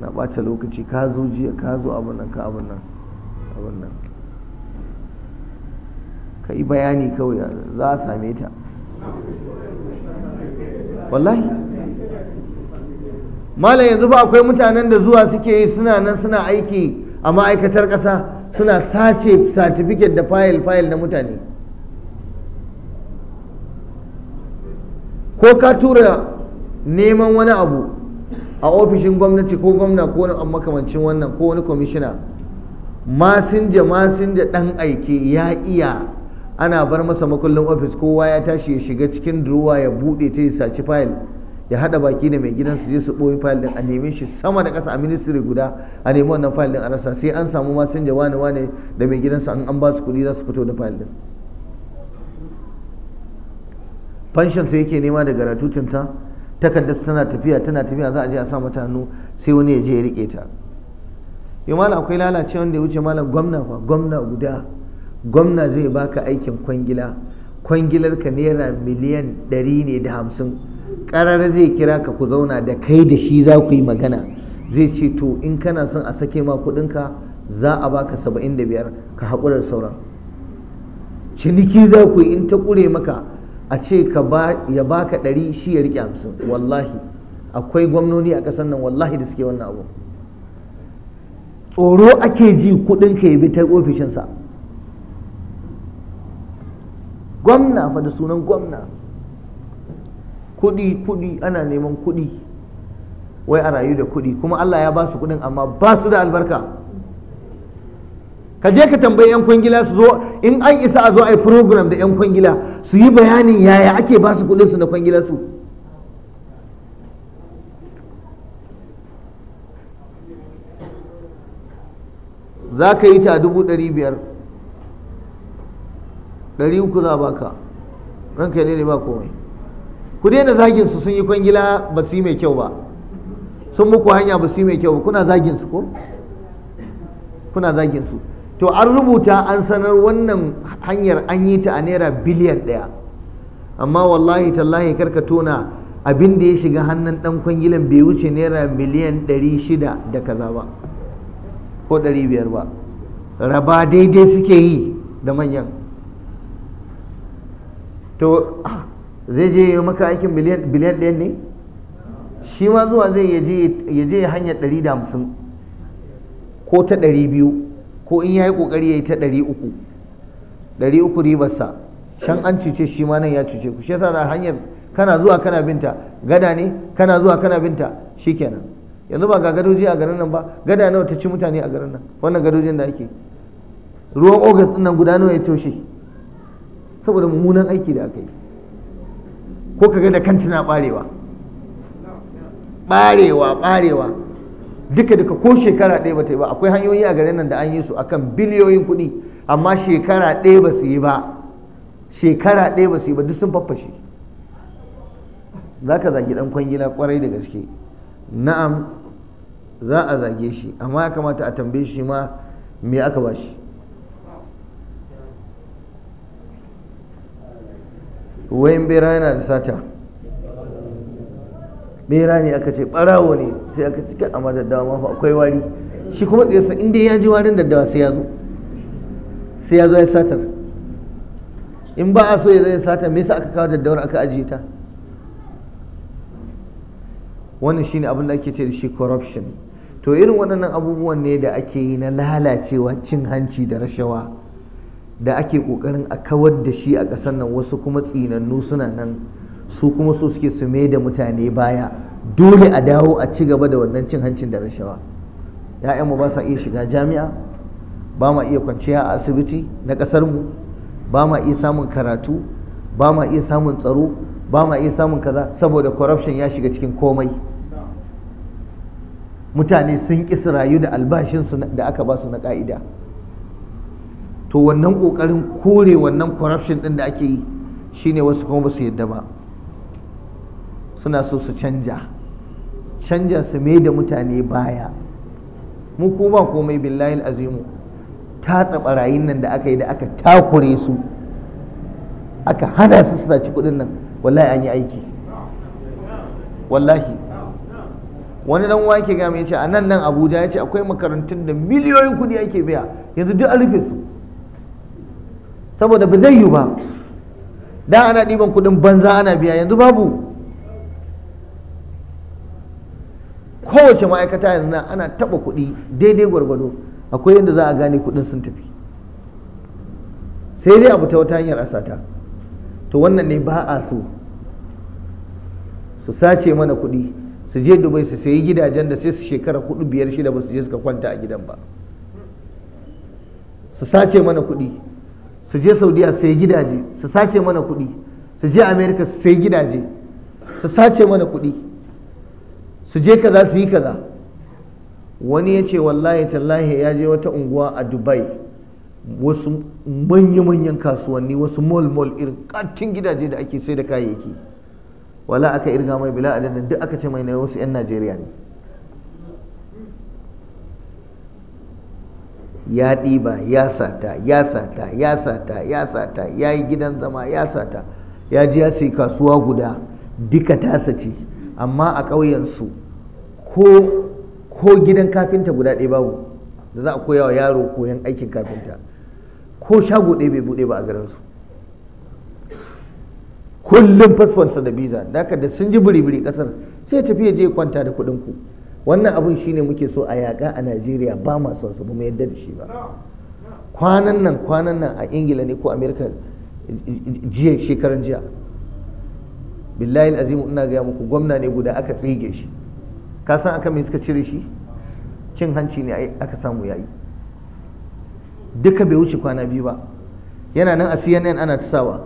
na bata lokaci ka zo jiya ka zo abin nan ka abin nan abin nan ka yi bayani kawai za a same ta wallahi malam yanzu ba akwai mutanen da zuwa suke yi suna nan suna aiki a ma'aikatar ƙasa suna sace satifiket da fayil-fayil na mutane ko ka tura neman wani abu a ofishin gwamnati ko gwamna ko wani makamancin wannan ko wani kwamishina masinja masinja dan aiki ya iya ana bar masa makullin ofis kowa ya tashi ya shiga cikin durowa ya buɗe ta ya saci fayil ya haɗa baki da mai gidansu je su ɓoye fayil ɗin a nemi shi sama da kasa a ministry guda a nemi wannan fayil ɗin a rasa sai an samu masinja wani wane da mai gidansu an an ba su kuɗi za su fito da fayil ɗin pension sai yake nema daga ratutinta takardar tana tafiya tana tafiya za a je a sa mata hannu sai wani ya je ya rike ta yau malam akwai lalacewa wanda ya wuce malam gwamna fa gwamna guda gwamna zai baka aikin kwangila kwangilar ka naira miliyan ɗari ne da hamsin ƙarar zai kira ka ku zauna da kai da shi za ku yi magana zai ce to in kana son a sake ma kuɗinka za a baka saba'in da biyar ka haƙura da sauran ciniki za ku yi in ta ƙure maka a ce ya baka ɗari shi ya riƙe hamsin wallahi akwai gwamnoni a ƙasar nan wallahi da suke wannan abu tsoro ake ji kuɗinka ya bi ta ofishinsa gwamna fa da sunan gwamna kuɗi kudi ana neman kuɗi wai a rayu da kuɗi kuma Allah ya ba su kuɗin amma ba su da albarka ka je ka tambayi 'yan kwangila su zo in an isa a zo a yi program da 'yan kwangila su yi bayanin yaya ake ba su kuɗinsu na kwangila su za ka yi ta dubu ɗari biyar ɗari uku za a baka ranka ne ba komai ku daina zagin su sun yi kwangila ba su yi mai kyau ba sun muku hanya ba su yi mai kyau ba kuna zagin su ko kuna zagin su to an rubuta an sanar wannan hanyar an yi ta a naira biliyan ɗaya amma wallahi tallahi karka tona abin da ya shiga hannun ɗan kwangilan bai wuce naira miliyan ɗari shida da kaza ba ko ɗari biyar ba raba daidai suke yi da manyan to zai je yi maka aikin biliyan ɗaya ne shi ma zuwa zai ya je hanyar ɗari da hamsin ko ta ɗari biyu ko in ya yi ƙoƙari ya yi ta ɗari uku ɗari uku ribarsa can an cuce shi ma nan ya cuce ku shi yasa da hanyar kana zuwa kana binta gada ne kana zuwa kana binta shikenan yanzu ba ga gadoji a garin nan ba gada nawa ta ci mutane a garin nan wannan gadojin da ake ruwan ogas ɗin nan guda nawa ya toshe saboda mummunan aiki da aka yi ko ka gada da na barewa barewa barewa duka duka ko shekara ɗaya ba ta yi ba akwai hanyoyi a garin nan da an yi su akan biliyoyin kuɗi amma shekara ɗaya ba su yi ba shekara ɗaya ba su yi ba duk sun faffashe za ka zagi ɗan kwangila kwarai da gaske na'am za a zage shi amma ya kamata a tambaye shi ma me aka ba shi wayin bera yana da sata bera ne aka ce barawo ne sai aka cika amma daddawa ma akwai wari shi kuma tsaye in inda ya ji warin daddawa sai ya zo sai ya zo ya satar in ba a so ya zai sata me yasa aka kawo daddawar aka ajiye ta wannan shine abin da ake ce da shi corruption to irin waɗannan abubuwan ne da ake yi na lalacewa cin hanci da rashawa da ake kokarin a kawar da shi a ƙasar nan wasu kuma tsinannu suna nan su kuma su suke su mai da mutane baya dole a dawo a ci gaba da wannan cin hancin da rashawa ‘ya'yanmu ba sa iya shiga jami'a ba ma iya kwanciya a asibiti na ƙasarmu ba ma iya samun karatu ba ma iya samun tsaro ba ma iya samun kaza saboda corruption ya shiga cikin komai mutane sun ƙi rayu da albashinsu da aka ba su na ƙa'ida to wannan kokarin kore wannan corruption ɗin da ake yi shine wasu kuma ba su yadda ba suna so su canja canja su mai da mutane baya mu ko ba komai billahi azimu tatsa barayin nan da aka yi da aka takure su aka hana su su saci kuɗin nan wallahi an yi aiki wallahi wani dan wake ga mai ce a nan nan abuja ya ce akwai makarantun da miliyoyin kuɗi ake biya yanzu duk an rufe su saboda ba zai yi ba da ana ɗiban kuɗin banza ana biya yanzu babu kowace ma'aikata yanzu ana taɓa kuɗi daidai gwargwado akwai yadda za a gane kuɗin sun tafi sai dai abu ta wata hanyar asata to wannan ne ba a so su sace mana kuɗi su je dubai su sayi gidajen da sai su shekara hudu biyar shida ba su je suka kwanta a gidan ba su sace mana kuɗi su je saudiya sai gidaje su sace mana kuɗi su je america sai gidaje su sace mana kuɗi su je kaza su yi kaza wani ya ce wallahi tallahi ya je wata unguwa a dubai wasu manya-manyan kasuwanni wasu mall-mall irin katin gidaje da ake sai da kayayyaki wala aka irga mai bila adadin duk aka ce mai na wasu 'yan najeriya ne ya ɗiba ya sata ya sata ya sata ya sata ya yi gidan zama ya sata ya ji ya sai kasuwa guda duka tasa ce amma a ƙauyensu ko gidan kafinta guda ɗaya babu da za a koya wa yaro koyan aikin kafinta ko shago ɗaya bai buɗe ba a garinsu kullum fasfonsa da biza da da sun ji biri-biri ƙasar sai tafiya je kwanta da kuɗin ku wannan abun shine muke so a yaƙa a najeriya ba ma son su ba mu yadda da shi ba kwanan nan kwanan nan a ingila ne ko amerika jiya shekaran jiya billahi azimu ina gaya muku gwamna ne guda aka tsige shi ka san aka mai suka cire shi cin hanci ne aka samu yayi duka bai wuce kwana biyu ba yana nan a cnn ana ta sawa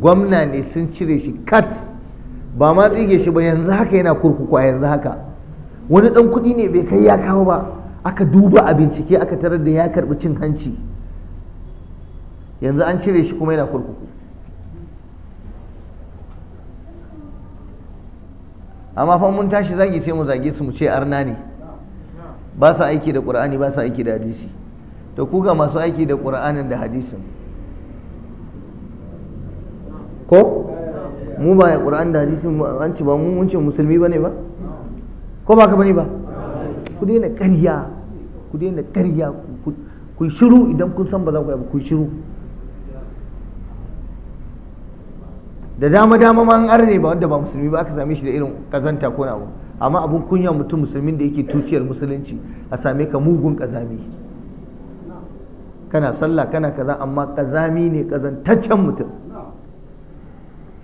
gwamna ne sun cire shi kat ba ma tsige shi ba yanzu haka yana kurkuku a yanzu haka wani dan kudi ne bai kai ya kawo ba aka duba a bincike aka tarar da ya karbi cin hanci yanzu an cire shi kuma yana kurkuku amma fa mun tashi zagi sai mu zage su mu ce arna ne ba su aiki da qur'ani ba su aiki da hadisi to ku ga masu aiki da qur'anin da hadisin ko mu ba ya ƙura'an da hadisin an ci ba mu mun ce musulmi ba ne ba ko ba ka ba ne ba ku daina ƙarya ku daina ƙarya ku yi shiru idan kun san ba za ku yi ba ku yi shiru da dama dama ma an arne ba wanda ba musulmi ba aka same shi da irin kazanta ko nawa amma abun kunya mutum musulmin da yake tuciyar musulunci a same ka mugun kazami kana sallah kana kaza amma kazami ne kazantaccen mutum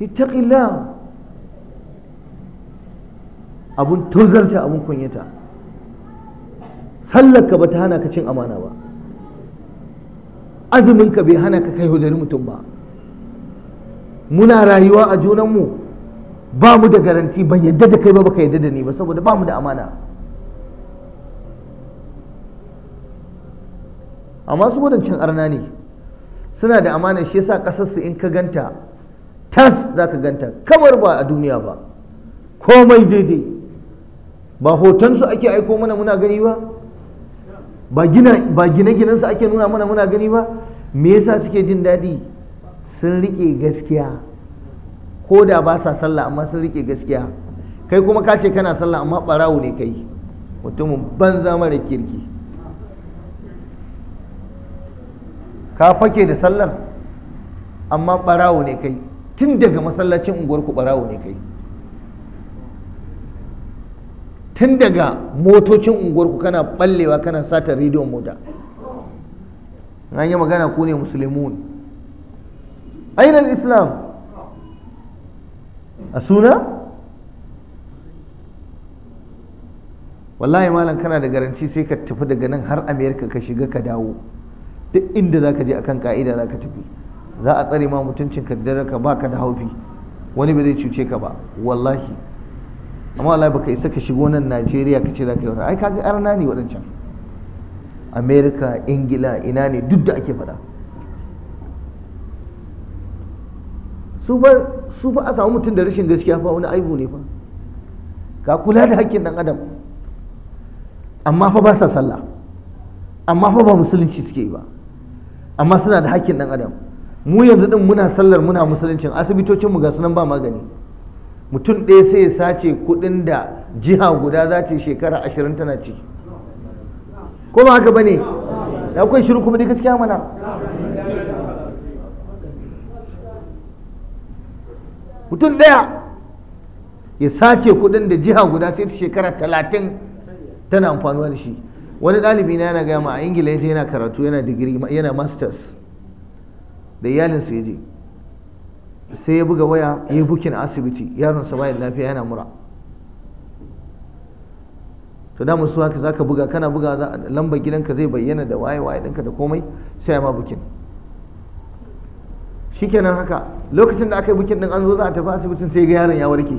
ittaqillah abun tozarta abun kunyata sallarka ba ta hana ka cin amana ba azuminka bai hana ka kai hudari mutum ba muna rayuwa a junanmu ba mu da garanti ban yadda da kai ba baka yadda da ni ba saboda ba mu da amana amma su cin arna ne suna da amana shi yasa kasarsu in ka ganta tas za ka ganta kamar ba a duniya ba komai daidai ba hotonsu ake aiko mana muna gani ba ba gine-ginensu ake nuna mana muna gani ba me yasa suke jin daɗi sun riƙe gaskiya ko da ba sa sallah amma sun riƙe gaskiya kai kuma ka ce kana sallah amma ɓarawo ne kai mutumin banza mara kirki ka fake da sallar amma ɓarawo ne kai tun daga masallacin unguwar ku barawo ne kai tun daga motocin unguwar ku kana ballewa kana sata rediyon mota an yi magana ku ne musulmun ainihin islam a suna wallahi malam kana da garanci sai ka tafi daga nan har amerika ka shiga ka dawo duk inda za ka je akan ka'ida za ka tafi za a tsare ma mutuncin ka da ka baka da haufi wani ba zai cuce ka ba wallahi amma wallahi baka isa ka shigo nan Najeriya ka ce za ka yi wannan ai kaga arna ne waɗancan america Ingila ina ne duk da ake faɗa su ba a samu mutum da rashin gaskiya fa wani aibu ne fa ka kula da hakkin dan adam amma fa ba sa sallah amma fa ba musulunci suke yi ba amma suna da hakkin dan adam mu yanzu din muna sallar muna musuluncin asibitocin mu ga sunan ba magani mutum ɗaya sai ya sace kuɗin da jiha guda za ta shekara ashirin tana ci ko ba haka bane da akwai shiru kuma cikin mana mutum ɗaya ya sace kuɗin da jiha guda sai ta shekara talatin tana amfanuwa da shi wani ɗalibi na yana gaya ma a ingila yana karatu yana digiri yana masters da iyalinsa ya je sai ya buga waya ya yi bukin asibiti yaronsa bayan lafiya yana mura to da musu haka zaka buga kana buga lambar gidanka zai bayyana da waye waye ɗinka da komai sai ma bukin shikenan haka lokacin da aka yi bukin din an zo za a tafi asibitin sai ga yaron ya warke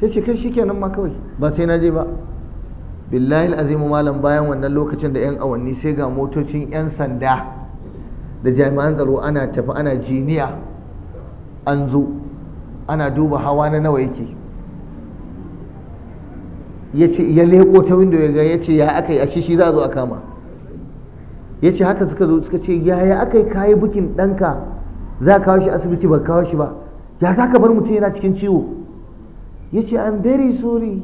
sai ce kai shikenan ma kawai ba sai na je ba billahi azimu malam bayan wannan lokacin da yan awanni sai ga motocin yan sanda da jami'an tsaro ana tafi ana jiniya an zo ana duba hawa na nawa yake ya ce ya leko ta windo ya ga ya ce ya aka yi a shi za a zo a kama ya ce haka suka zo suka ce ya aka yi kayi bukin ɗanka za kawo shi asibiti ba kawo shi ba ya za ka bar mutum yana cikin ciwo ya ce i'm very sorry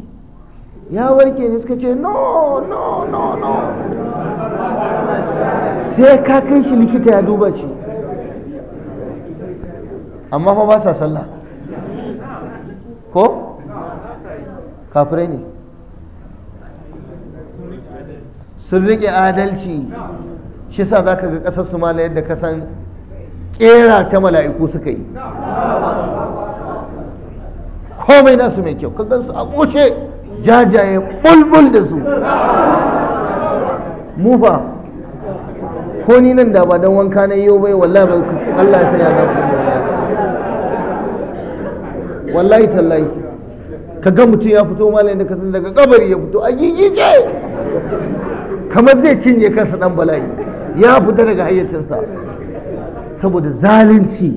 ya warke ne suka ce no no no no sai ka kai shi likita ya duba shi amma fa ba sa sallah ko kafirai ne sun riƙe adalci shi sa za ka ga ƙasar su mala yadda ka san ƙera ta mala'iku suka yi komai nasu mai kyau ka su a ƙoshe jajaye bulbul da su mu ba ko ni nan da ba don wanka na yau bai wallahi ba Allah sai ya dafa wallahi tallahi ka ga mutum ya fito malam da kasan daga kabari ya fito a gigice kamar zai cinye kansa dan bala'i ya fita daga hayyacinsa saboda zalunci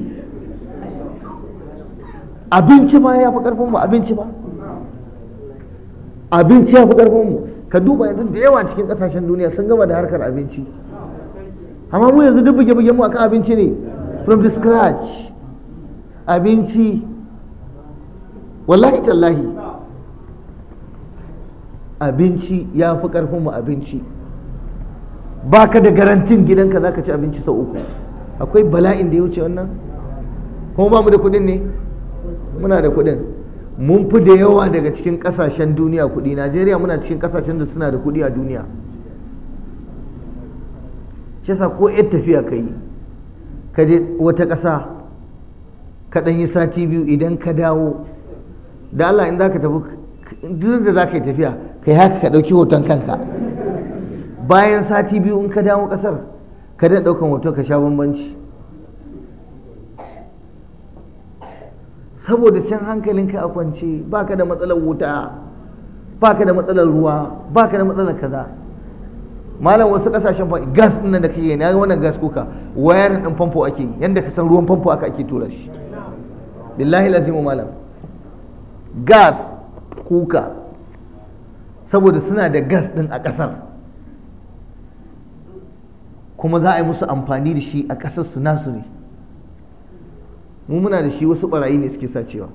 abinci ma ya fi karfin mu abinci ba abinci ya fi karfin mu ka duba yanzu da yawa cikin kasashen duniya sun gama da harkar abinci amma mu yanzu duk buge-buge mu akan abinci ne from the scratch abinci wallahi tallahi abinci ya fi karfin mu abinci ba ka da garantin gidanka za ka ci abinci sau uku akwai bala'in da ya wuce wannan kuma ba mu da kudin ne muna da kudin mun fi da yawa daga cikin kasashen duniya kudi najeriya muna cikin kasashen da suna da kudi a duniya shi yasa ko yar tafiya ka yi ka je wata ƙasa ka ɗan yi sati biyu idan ka dawo da Allah in za ka tafi duk da za ka yi tafiya ka yi haka ka ɗauki hoton kanka bayan sati biyu in ka dawo ƙasar ka da ɗaukan hoton ka sha bambanci saboda can hankalinka a kwance baka da matsalar wuta baka da matsalar ruwa baka da matsalar kaza malam wasu kasashen fa gas din nan da kake na wannan gas kuka wayarin din famfo ake yi yanda ka san ruwan famfo aka ake tura shi billahi lazimu malam gas kuka saboda suna da gas din a kasar kuma za a yi musu amfani da shi a kasar su nasu ne mu muna da shi wasu barayi ne suke sacewa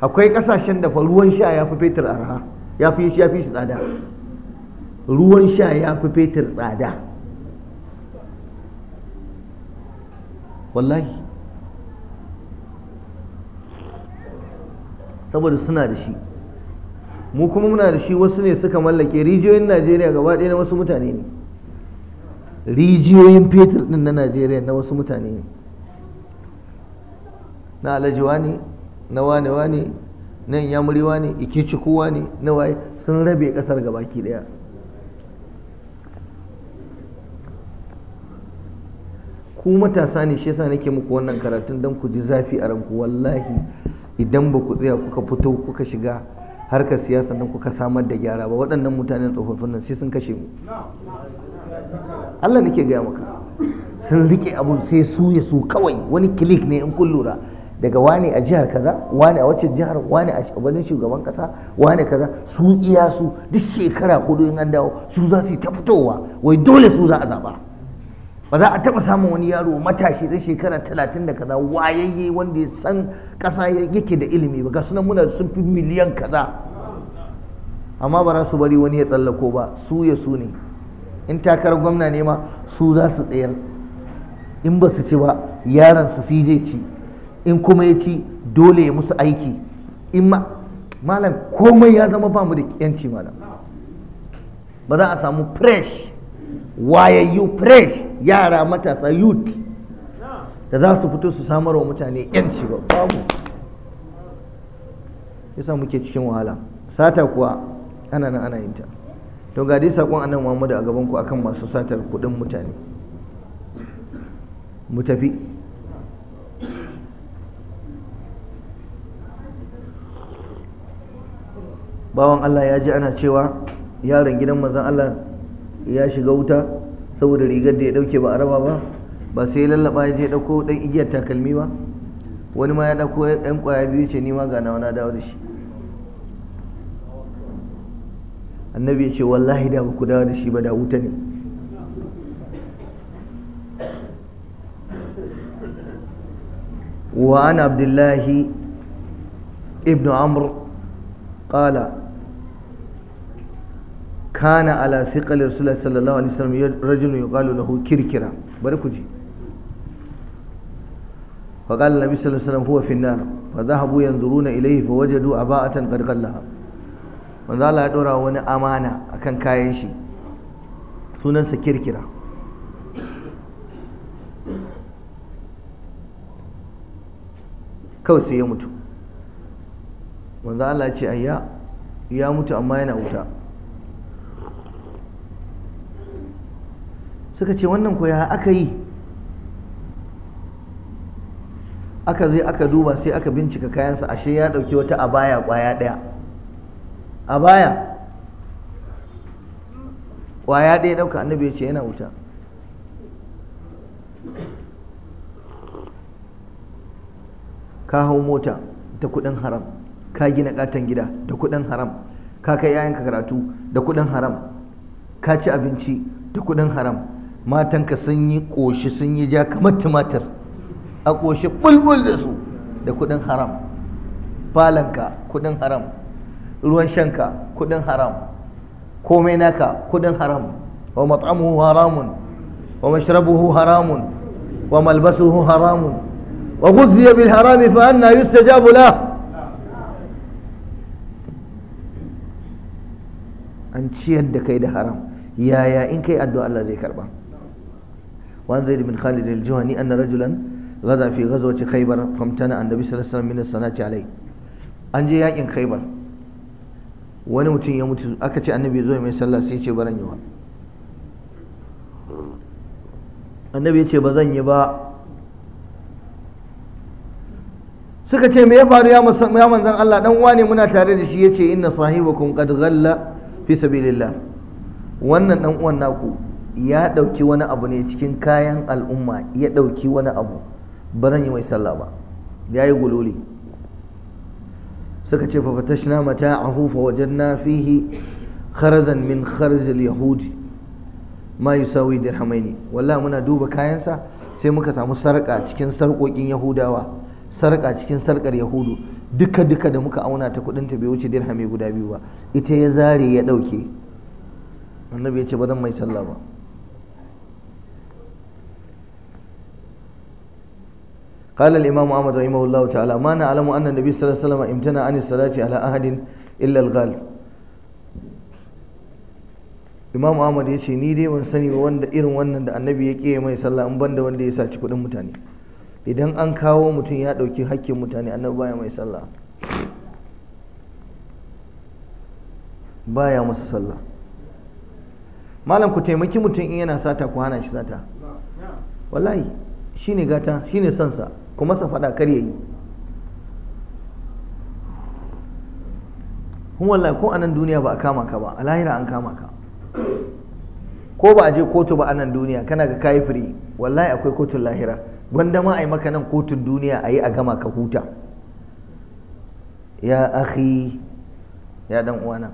akwai kasashen da fa ruwan sha ya fi fetur arha ya fi shi ya fi shi tsada ruwan sha ya fi fetur tsada wallahi saboda suna da shi mu kuma muna da shi wasu ne suka mallake rijiyoyin najeriya gaba ɗaya na wasu mutane ne rijiyoyin fetur ɗin na najeriya na wasu mutane ne na alajiwa ne na wane-wane nan ya muriwa ne ikici kowa ne na waye sun rabe kasar gabaki daya ku matasa ne shi yasa nake muku wannan karatun don ku ji zafi a ranku wallahi idan ba ku tsaya kuka fito kuka shiga harkar siyasa nan kuka samar da gyara ba waɗannan mutanen tsofaffin nan sai sun kashe mu Allah nake gaya maka sun rike abun sai su ya su kawai wani kilik ne in kullura. daga wani a jihar kaza wani a wacce jihar wani a wajen shugaban kasa wani kaza su iya su duk shekara kudu in an dawo su za su yi ta fitowa wai dole su za a zaba ba za a taba samun wani yaro matashi da shekara talatin da kaza wayayye wanda ya san kasa yake da ilimi ba ga sunan muna sun fi miliyan kaza amma ba za su bari wani ya tsallako ba su ya su ne in takarar gwamna ne ma su za su tsayar in ba su ci ba yaron su je ci in kuma ya ci dole ya musu aiki in ma malam komai ya zama ba mu da yanci malam ba za a samu fresh wayayyu fresh yara matasa youth da za su fito su samar wa mutane yanci ba babu yasa muke cikin wahala sata kuwa ana nan ana yin ta to ga dai sakon annan Muhammadu a gaban ku akan masu satar kuɗin mutane mu tafi bawan Allah ya ji ana cewa yaron gidan manzon Allah ya shiga wuta saboda rigar da ya dauke ba a raba ba ba sai lallaba ya je dauko dan igiyar takalmi ba wani ma ya dauko yan kwaya biyu ce ni ma ga nawa na dawo da shi annabi ya ce wallahi da ba ku dawo da shi ba da wuta ne wa ana abdullahi ibnu amr قال كان على ثقل رسول الله صلى الله عليه وسلم رجل يقال له كركرة بركجي فقال النبي صلى الله عليه وسلم هو في النار فذهبوا ينظرون إليه فوجدوا أباءة قد غلها manzo Allah ya dora wani amana akan kayan shi sunansa kirkira kawai sai ya mutu manzo Allah ce ayya ya mutu amma yana wuta suka ce wannan koya aka yi aka zai aka duba sai aka bincika kayansa ashe ya ɗauki wata abaya kwaya ɗaya abaya kwaya ɗaya ɗauka annabi ya ce yana wuta ka hau mota ta kudin haram ka gina katon gida da kuɗin haram ka kai ka karatu da kuɗin haram ka ci abinci da kuɗin haram matanka sun yi ƙoshi sun yi ja kamar tumatir a ƙoshi bulbul da su da kuɗin haram falanka kuɗin haram ruwan shanka kuɗin haram komai naka kuɗin haram wa mat'amuhu haramun wa mashrabuhu haramun wa malbasuhu haramun wa ghudhiya bil harami fa anna yustajabu lahu an ciyar da kai da haram yaya in kai addu'a Allah zai karba وعن زيد بن خالد الجهني أن رجلا غزا في غزوة خيبر فامتنع النبي صلى الله عليه وسلم من الصلاة عليه an je yakin khaibar wani mutum ya mutu aka ce annabi zo mai sallah sai ce baran yawa annabi ya ce ba zan yi ba suka ce me ya faru ya manzan Allah dan ne muna tare da shi ya inna sahibakum qad fi sabilillah wannan dan uwan naku ya dauki wani abu ne cikin kayan al'umma ya dauki wani abu ba zan yi mai sallah ba yayi gululi suka ce fa fatashna mata'ahu fa wajanna fihi kharzan min kharz al-yahudi ma yusawi dirhamaini wallahi muna duba kayansa sai muka samu sarƙa cikin sarƙoƙin yahudawa sarƙa cikin sarƙar yahudu duka duka da muka auna ta kudin ta bai wuce dirhami guda biyu ba ita ya zare ya dauke annabi ya ce ba zan mai sallah ba قال الإمام أحمد رحمه الله تعالى ما نعلم أن النبي صلى الله عليه وسلم امتنع عن الصلاة على أحد إلا الغالب imam ahmad ya ce ni dai ban sani wanda irin wannan da annabi ya kiyaye mai sallah in banda wanda ya saci kuɗin mutane idan an kawo mutum ya ɗauki hakkin mutane annabi baya mai sallah baya masa sallah malam ku taimaki mutum in yana sata ku hana shi sata wallahi shine gata shine sansa kuma sa faɗa kar yayi kuma wallahi ko a nan duniya ba a kama ka ba a lahira an kama ka ko ba a je kotu ba a nan duniya kana ga kafiri wallahi akwai kotun lahira gwanda ma a yi maka nan kotun duniya a yi a gama ka huta ya ahi ya dan uwana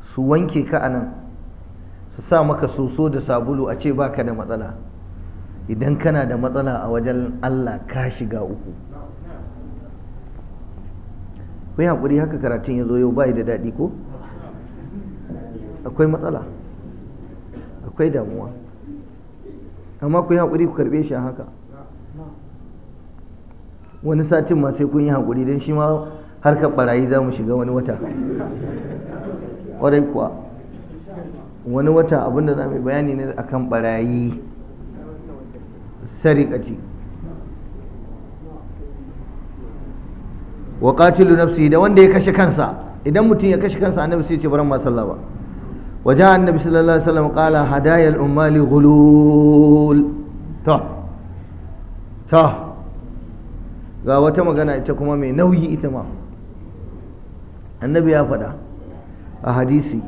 su wanke ka a nan su sa maka soso da sabulu a ce baka da matsala idan kana da matsala a wajen Allah ka shiga uku kai haƙuri haka karatun ya zo yau bai da daɗi ko akwai matsala akwai damuwa amma ku yi haƙuri ku karɓe shi a haka wani satin ma sai kun yi haƙuri don shi ma harkar barayi za mu shiga wani wata ƙwarai kuwa wani wata abinda za mu bayani ne a kan barayi sariƙaci wa qatilu nafsi da wanda ya kashe kansa idan mutum ya kashe kansa annabi sai ce bari ma ba وجاء النبي صلى الله عليه وسلم قال هدايا الأمة لغلول تو تو ga wata magana ita kuma mai nauyi ita ma annabi ya faɗa a hadisi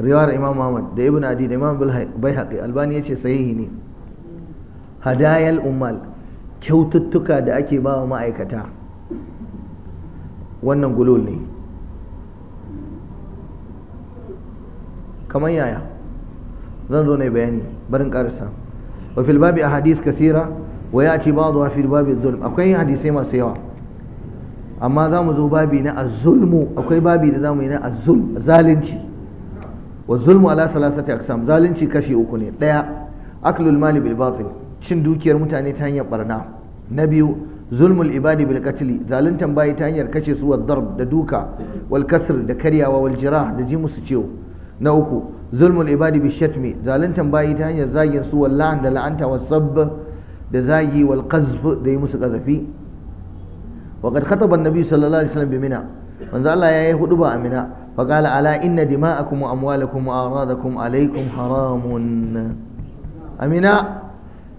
riwayar imam Muhammad da ibn adi da imam baihaqi albani yace sahihi ne hadayal ummal kyaututtuka da ake ba wa ma'aikata wannan gulol ne kamar yaya zan zo yi bayani barin karisa wa fil babi ahadith kasira wa ba zuwa fi babi zulm akwai hadisai masu yawa amma za mu zo babi na az-zulmu akwai babi da mu yi na zalunci wa zulmu ala salasati aqsam zalunci kashi uku ne daya aklul mali bil batil cin dukiyar mutane ta hanyar barna na biyu zulmul ibadi bil qatli zaluntan bayi ta hanyar kashe su wa darb da duka wal kasr da karyawa wal da ji musu ciwo na uku zulmul ibadi bi shatmi zaluntan bayi ta hanyar zagin su wallahan da la'anta wa sabb da zagi wal qazf da yi musu qazafi wa qad khataba an-nabi sallallahu alaihi wasallam bi mina manzo Allah ya yi huduba a mina fa qala ala inna dima'akum wa amwalakum wa aradakum alaikum haramun amina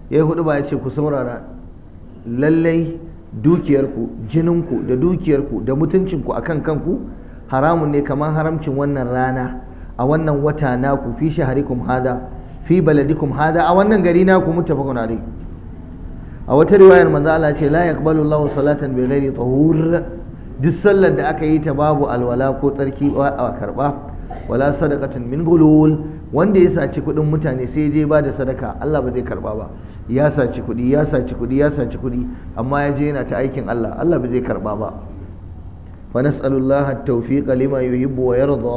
ya yi huduba ya ce ku saurara lallai dukiyarku jininku da dukiyarku da mutuncinku akan kanku haramun ne kamar haramcin wannan rana a wannan wata naku fi shaharikum hada fi baladikum hada a wannan gari naku muttafaqun alayh a wata riwayar manzo Allah ce la yaqbalu Allahu salatan bi ghairi tahur duk sallar da aka yi ta babu alwala ko tsarki a karba wala sadaqatin min gulul wanda ya saci kuɗin mutane sai je ba da sadaka Allah ba zai karba ba ya saci kuɗi ya saci kuɗi ya saci kuɗi amma ya je yana ta aikin Allah Allah ba zai karba ba fa nas'alullaha at-tawfiqa lima yuhibbu wa yarda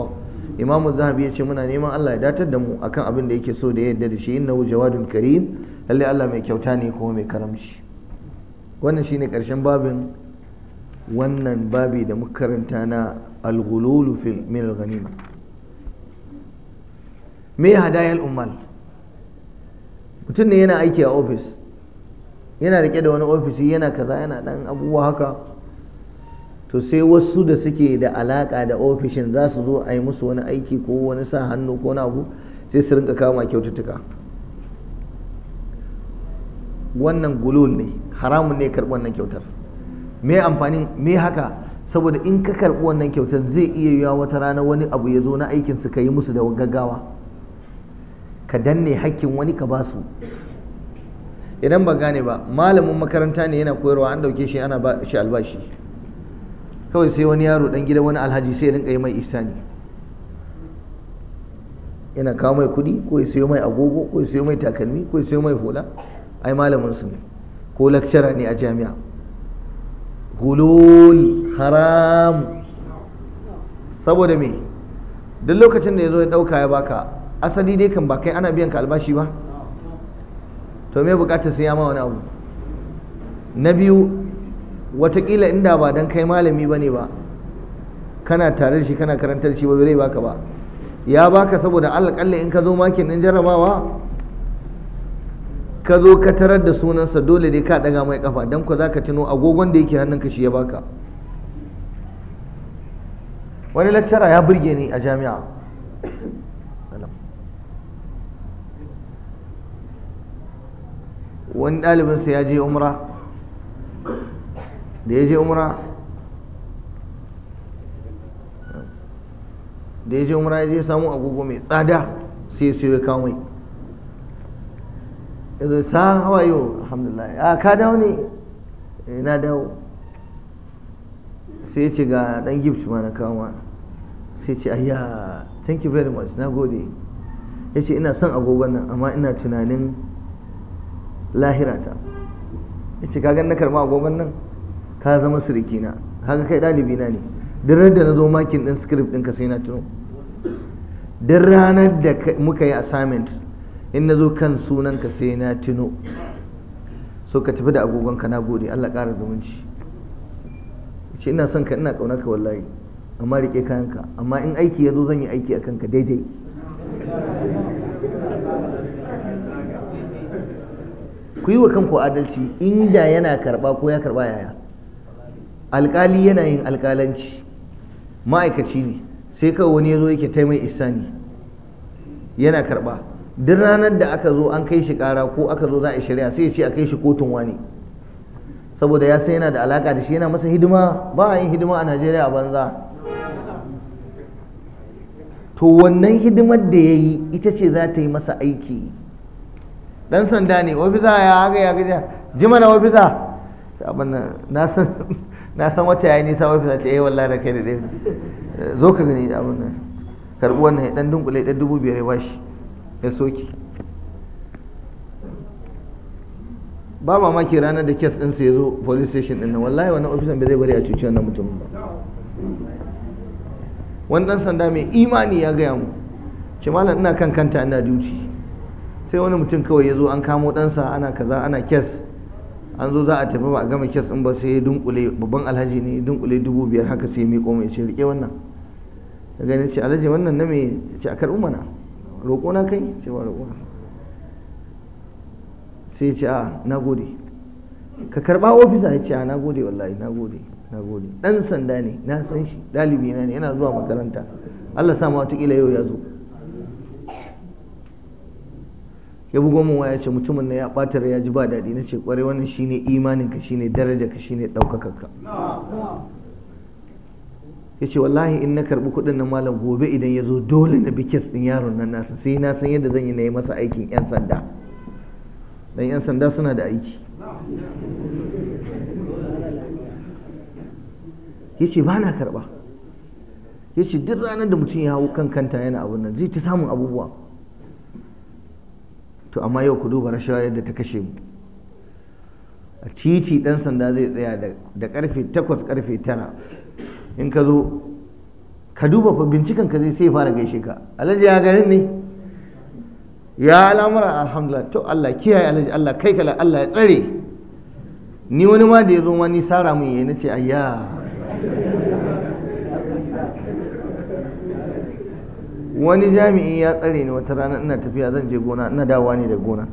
imamu zahabi ya ce muna neman Allah ya datar da mu akan abin da yake so da ya yarda da shi innahu jawadun karim lalle Allah mai kyauta ne kuma mai karamci wannan shine karshen babin wannan babi da muka karanta na al-ghululu fil min al-ghanima me al ummal mutum ne yana aiki a ofis yana rike da wani ofisi yana kaza yana dan abubuwa haka to sai wasu da suke da alaka da ofishin za su zo a yi musu wani aiki ko wani sa hannu ko na abu sai su rinka kama kyaututtuka wannan gulul ne haramun ne karɓi wannan kyautar me amfanin me haka saboda in ka karɓi wannan kyautar zai iya yiwa wata rana wani abu ya zo na aikin su ka yi musu da gaggawa ka danne hakkin wani ka ba su idan ba gane ba malamin makaranta ne yana koyarwa an dauke shi ana ba shi albashi kawai sai wani yaro dan gida wani alhaji sai rinka yi mai ihsani yana kawo mai kudi ko ya sayo mai agogo ko ya sayo mai takalmi ko ya sayo mai hula ai malamin su ne ko lakcara ne a jami'a hulul haram saboda me duk lokacin da ya zo ya dauka ya baka asali dai kan ba kai ana biyan ka albashi ba to me bukatar sai ya ma wani abu na biyu watakila inda ba don kai malami ba ne ba kana tare shi kana karantar shi ba zai baka ba ya baka saboda alƙalla in ka zo makin ɗin jarabawa ka zo ka tarar da sunansa dole dai ka ɗaga mai ƙafa don ku za ka tuno agogon da yake hannunka shi ya baka wani lakcara ya burge ni a jami'a wani ɗalibinsa ya je umra da ya je umra da ya je umra ya je samu agogo mai tsada sai ya siyo ya kawo mai yanzu sa hawa yau alhamdulillah a ka dawo ne eh, na dawo sai ya ce ga dan gift ma na kawo sai ce ayya thank you very much na gode ya ce ina son agogon nan amma ina tunanin lahirata ya ce kagan na karma agogon nan ka zama surikina haka kai ɗalibi na ne duk da na zo makin ɗin script ɗinka sai na tuno duk ranar da muka yi assignment in na zo kan sunanka sai na tuno so ka tafi da agogonka na gode Allah ƙara zumunci shi ina son ka ina ƙaunarka wallahi amma riƙe kayanka amma in aiki ya zo zan yi aiki a kanka daidai ku yi wa kanku adalci inda yana karba ko ya karba yaya alkali yana yin alkalanci ma'aikaci ne sai kawai wani ya zo yake taimai isani yana karba duk ranar da aka zo an kai shi kara ko aka zo za a shari'a sai ya ce a kai shi kotun wani saboda ya san yana da alaka da shi yana masa hidima ba a yin hidima a najeriya a banza to wannan hidimar da ya yi ita ce za ta yi masa aiki dan sanda ne ofisa ya haka ya gaja jima na na san na san wata yayi nisa wai fita ce eh wallahi da kai da dai zo ka gani abun nan karbi wannan ya dan dunkule dan dubu biyar ya bashi ya soki ba mamaki ranar da kes ɗinsa ya zo police station ɗin nan wallahi wannan ofisan bai zai bari a cuci wannan mutumin ba wani sanda mai imani ya gaya mu ce malam ina kan kanta ina duci sai wani mutum kawai ya zo an kamo ɗansa ana kaza ana kes an zo za a tafi ba a gama kes ɗin ba sai ya dunkule babban alhaji ne dunkule dubu biyar haka sai ya miƙo ya ce rike wannan ka gani ce alhaji wannan na mai ce a karɓi mana roƙo na kai ce ba roƙo sai ce a na gode ka karɓa ofisa ya ce a na gode wallahi na gode na gode ɗan sanda ne na san shi ɗalibi na ne yana zuwa makaranta Allah sa ma wataƙila yau ya zo ya bugo min waya ce mutumin na ya ɓatar ya ji ba daɗi na ce kwarai wannan shine imanin ka shine daraja ka shine ɗaukakar ka ya ce wallahi in na karbi kuɗin na malam gobe idan ya zo dole na bi kes ɗin yaron nan nasa sai na san yadda zan yi na yi masa aikin 'yan sanda dan 'yan sanda suna da aiki ya ce ba na karɓa ya ce duk ranar da mutum ya hau kan kanta yana abun nan zai ta samun abubuwa to amma yau ku duba rashawa yadda ta kashe mu a titi dan sanda zai tsaya da karfe takwas karfe tara in ka zo ka duba fa binciken ka zai sai fara gaishe ka alhaji ya garin ne ya al'amura alhamdulillah to Allah kiyaye alhaji Allah kai kala Allah ya tsare ni wani ma da ya zo ma ni sara mun yayi nace ayya wani jami'i ya tsare ni wata rana ina tafiya zan je gona ina dawa ne da gona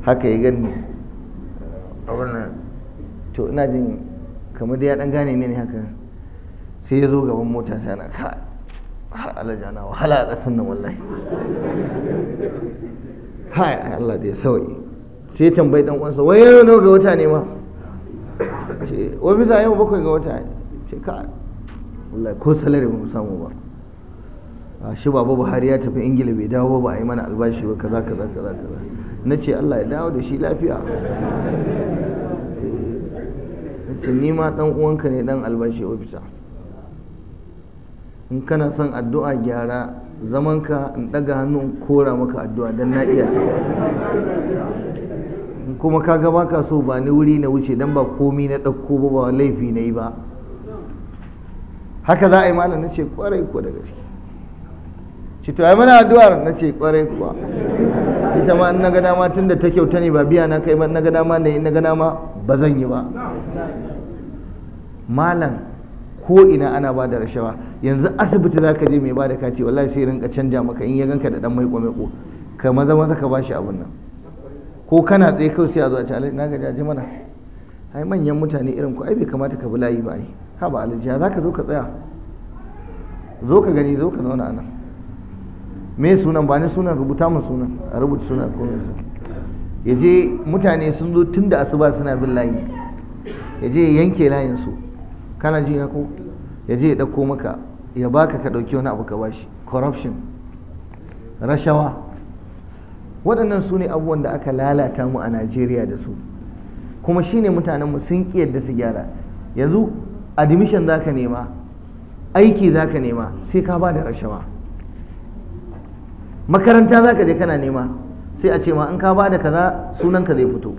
haka ya gani a wannan to ina jin kamar da ya dan gane ne haka sai ya zo gaban mota ta na ka alaja na wahala a ƙasar nan wallahi hai Allah da ya sauyi sai ya tambayi dan uwansa wai yau nawa ga wata ne ma ce wai bisa yau bakwai ga wata ne ce ka wallahi ko salari ba mu samu ba shi baba buhari ya tafi ingila bai dawo ba a yi mana albashi ba kaza kaza kaza kaza na ce allah ya dawo da shi lafiya ce ni ma dan uwanka ne dan albashi ofisa in kana son addu'a gyara zamanka in daga hannun kora maka addu'a dan na iya ta kuma ka ga baka so ba ni wuri na wuce dan ba komi na ɗauko ba ba laifi na yi ba haka za a yi malam na ce kwarai ko da gaske ce to ai mana addu'ar na ce kwarai kuwa ita ma in na ga dama tunda ta kyauta ne ba biya na kai ba na ga dama ne in na ga dama ba zan yi ba malam ko ina ana ba da rashawa yanzu asibiti za ka je mai ba da kati wallahi sai rinka canja maka in ya ganka da dan maiko ko ka maza maza ka bashi abun nan ko kana tsaye kawai sai a zo a ce na ga jaji mana ai manyan mutane irin ku ai bai kamata ka bi layi ba ai ha ba alaji za ka zo ka tsaya zo ka gani zo ka zauna a nan me sunan ba ni sunan rubuta mun sunan a rubuta sunan ko ya je mutane sun zo tun da asuba suna bin layi ya je ya yanke layinsu. su kana jin ya ko ya je ya ɗauko maka ya baka ka ɗauki wani abu ka bashi corruption rashawa waɗannan su ne abubuwan da aka lalata mu a najeriya da su kuma shine mutanenmu sun ƙi yadda su gyara yanzu admission za ka nema aiki za ka nema sai ka ba da rashawa makaranta za ka je kana nema sai a ce ma in ka ba da kaza sunanka zai fito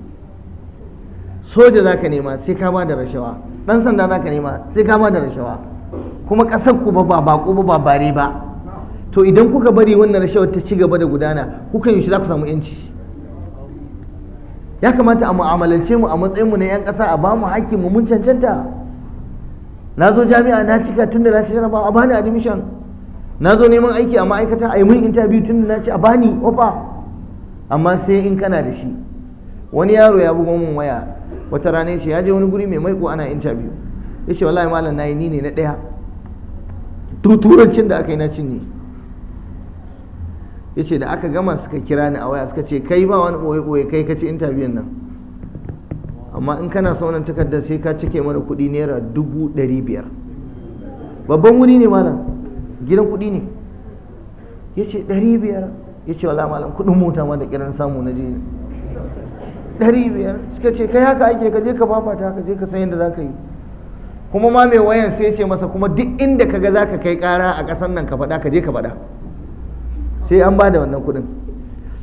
soja za ka nema sai ka ba da rashawa ɗan sanda za ka nema sai ka ba da rashawa kuma ƙasar ku ba baƙo ba bare ba to idan kuka bari wannan rashawar ta ci gaba da gudana kuka yi shi za ku samu yanci ya kamata a mu'amalance mu a matsayinmu na 'yan ƙasa a ba mu mun cancanta na zo jami'a na cika tun da na ci jarabawa a bani admission na zo neman aiki a ma'aikata a yi mun interview tun na ce a bani ofa amma sai in kana da shi wani yaro ya bugo min waya wata rana ce ya je wani guri mai maiko ana interview ya ce wallahi malam na yi ni ne na ɗaya turancin da aka yi na cin ne ya ce da aka gama suka kira ni a waya suka ce kai ba wani ɓoye-ɓoye kai ka ci interview nan amma in kana son wannan takardar sai ka cike mana kuɗi naira dubu ɗari biyar babban wuri ne malam gidan kuɗi ne ya ce ɗari biyar ya ce wala malam kuɗin mota ma da kiran samu na jini ɗari biyar suka ce kai haka ake ka je ka fafata ka je ka san yadda za ka yi kuma ma mai wayan sai ce masa kuma duk inda ka ga za ka kai ƙara a ƙasan nan ka faɗa ka je ka faɗa sai an ba da wannan kuɗin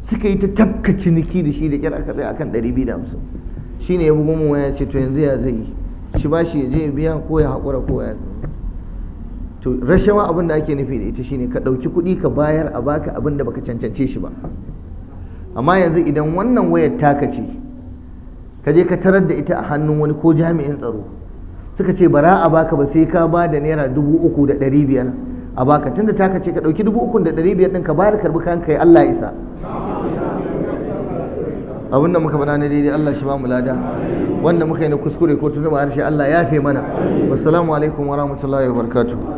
suka yi ta tafka ciniki da shi da kira aka tsaya akan ɗari biyu da hamsin shi ne ya bugu mu waya ce to yanzu ya zai shi ba shi ya je biya ko ya haƙura ko ya to rashawa abin da ake nufi da ita shine ka ɗauki kuɗi ka bayar a baka abin da baka cancance shi ba amma yanzu idan wannan wayar taka ce ka je ka tarar da ita a hannun wani ko jami'in tsaro suka ce bara a baka ba sai ka ba da naira dubu uku da ɗari biyar a baka tunda taka ce ka ɗauki dubu uku da ɗari biyar ɗin ka bayar karbi kan kai Allah isa abin da muka faɗa na daidai Allah shi ba mu lada wanda muka yi na kuskure ko tuntuɓa harshe Allah ya fe mana wassalamu alaikum wa rahmatullahi wa barakatuh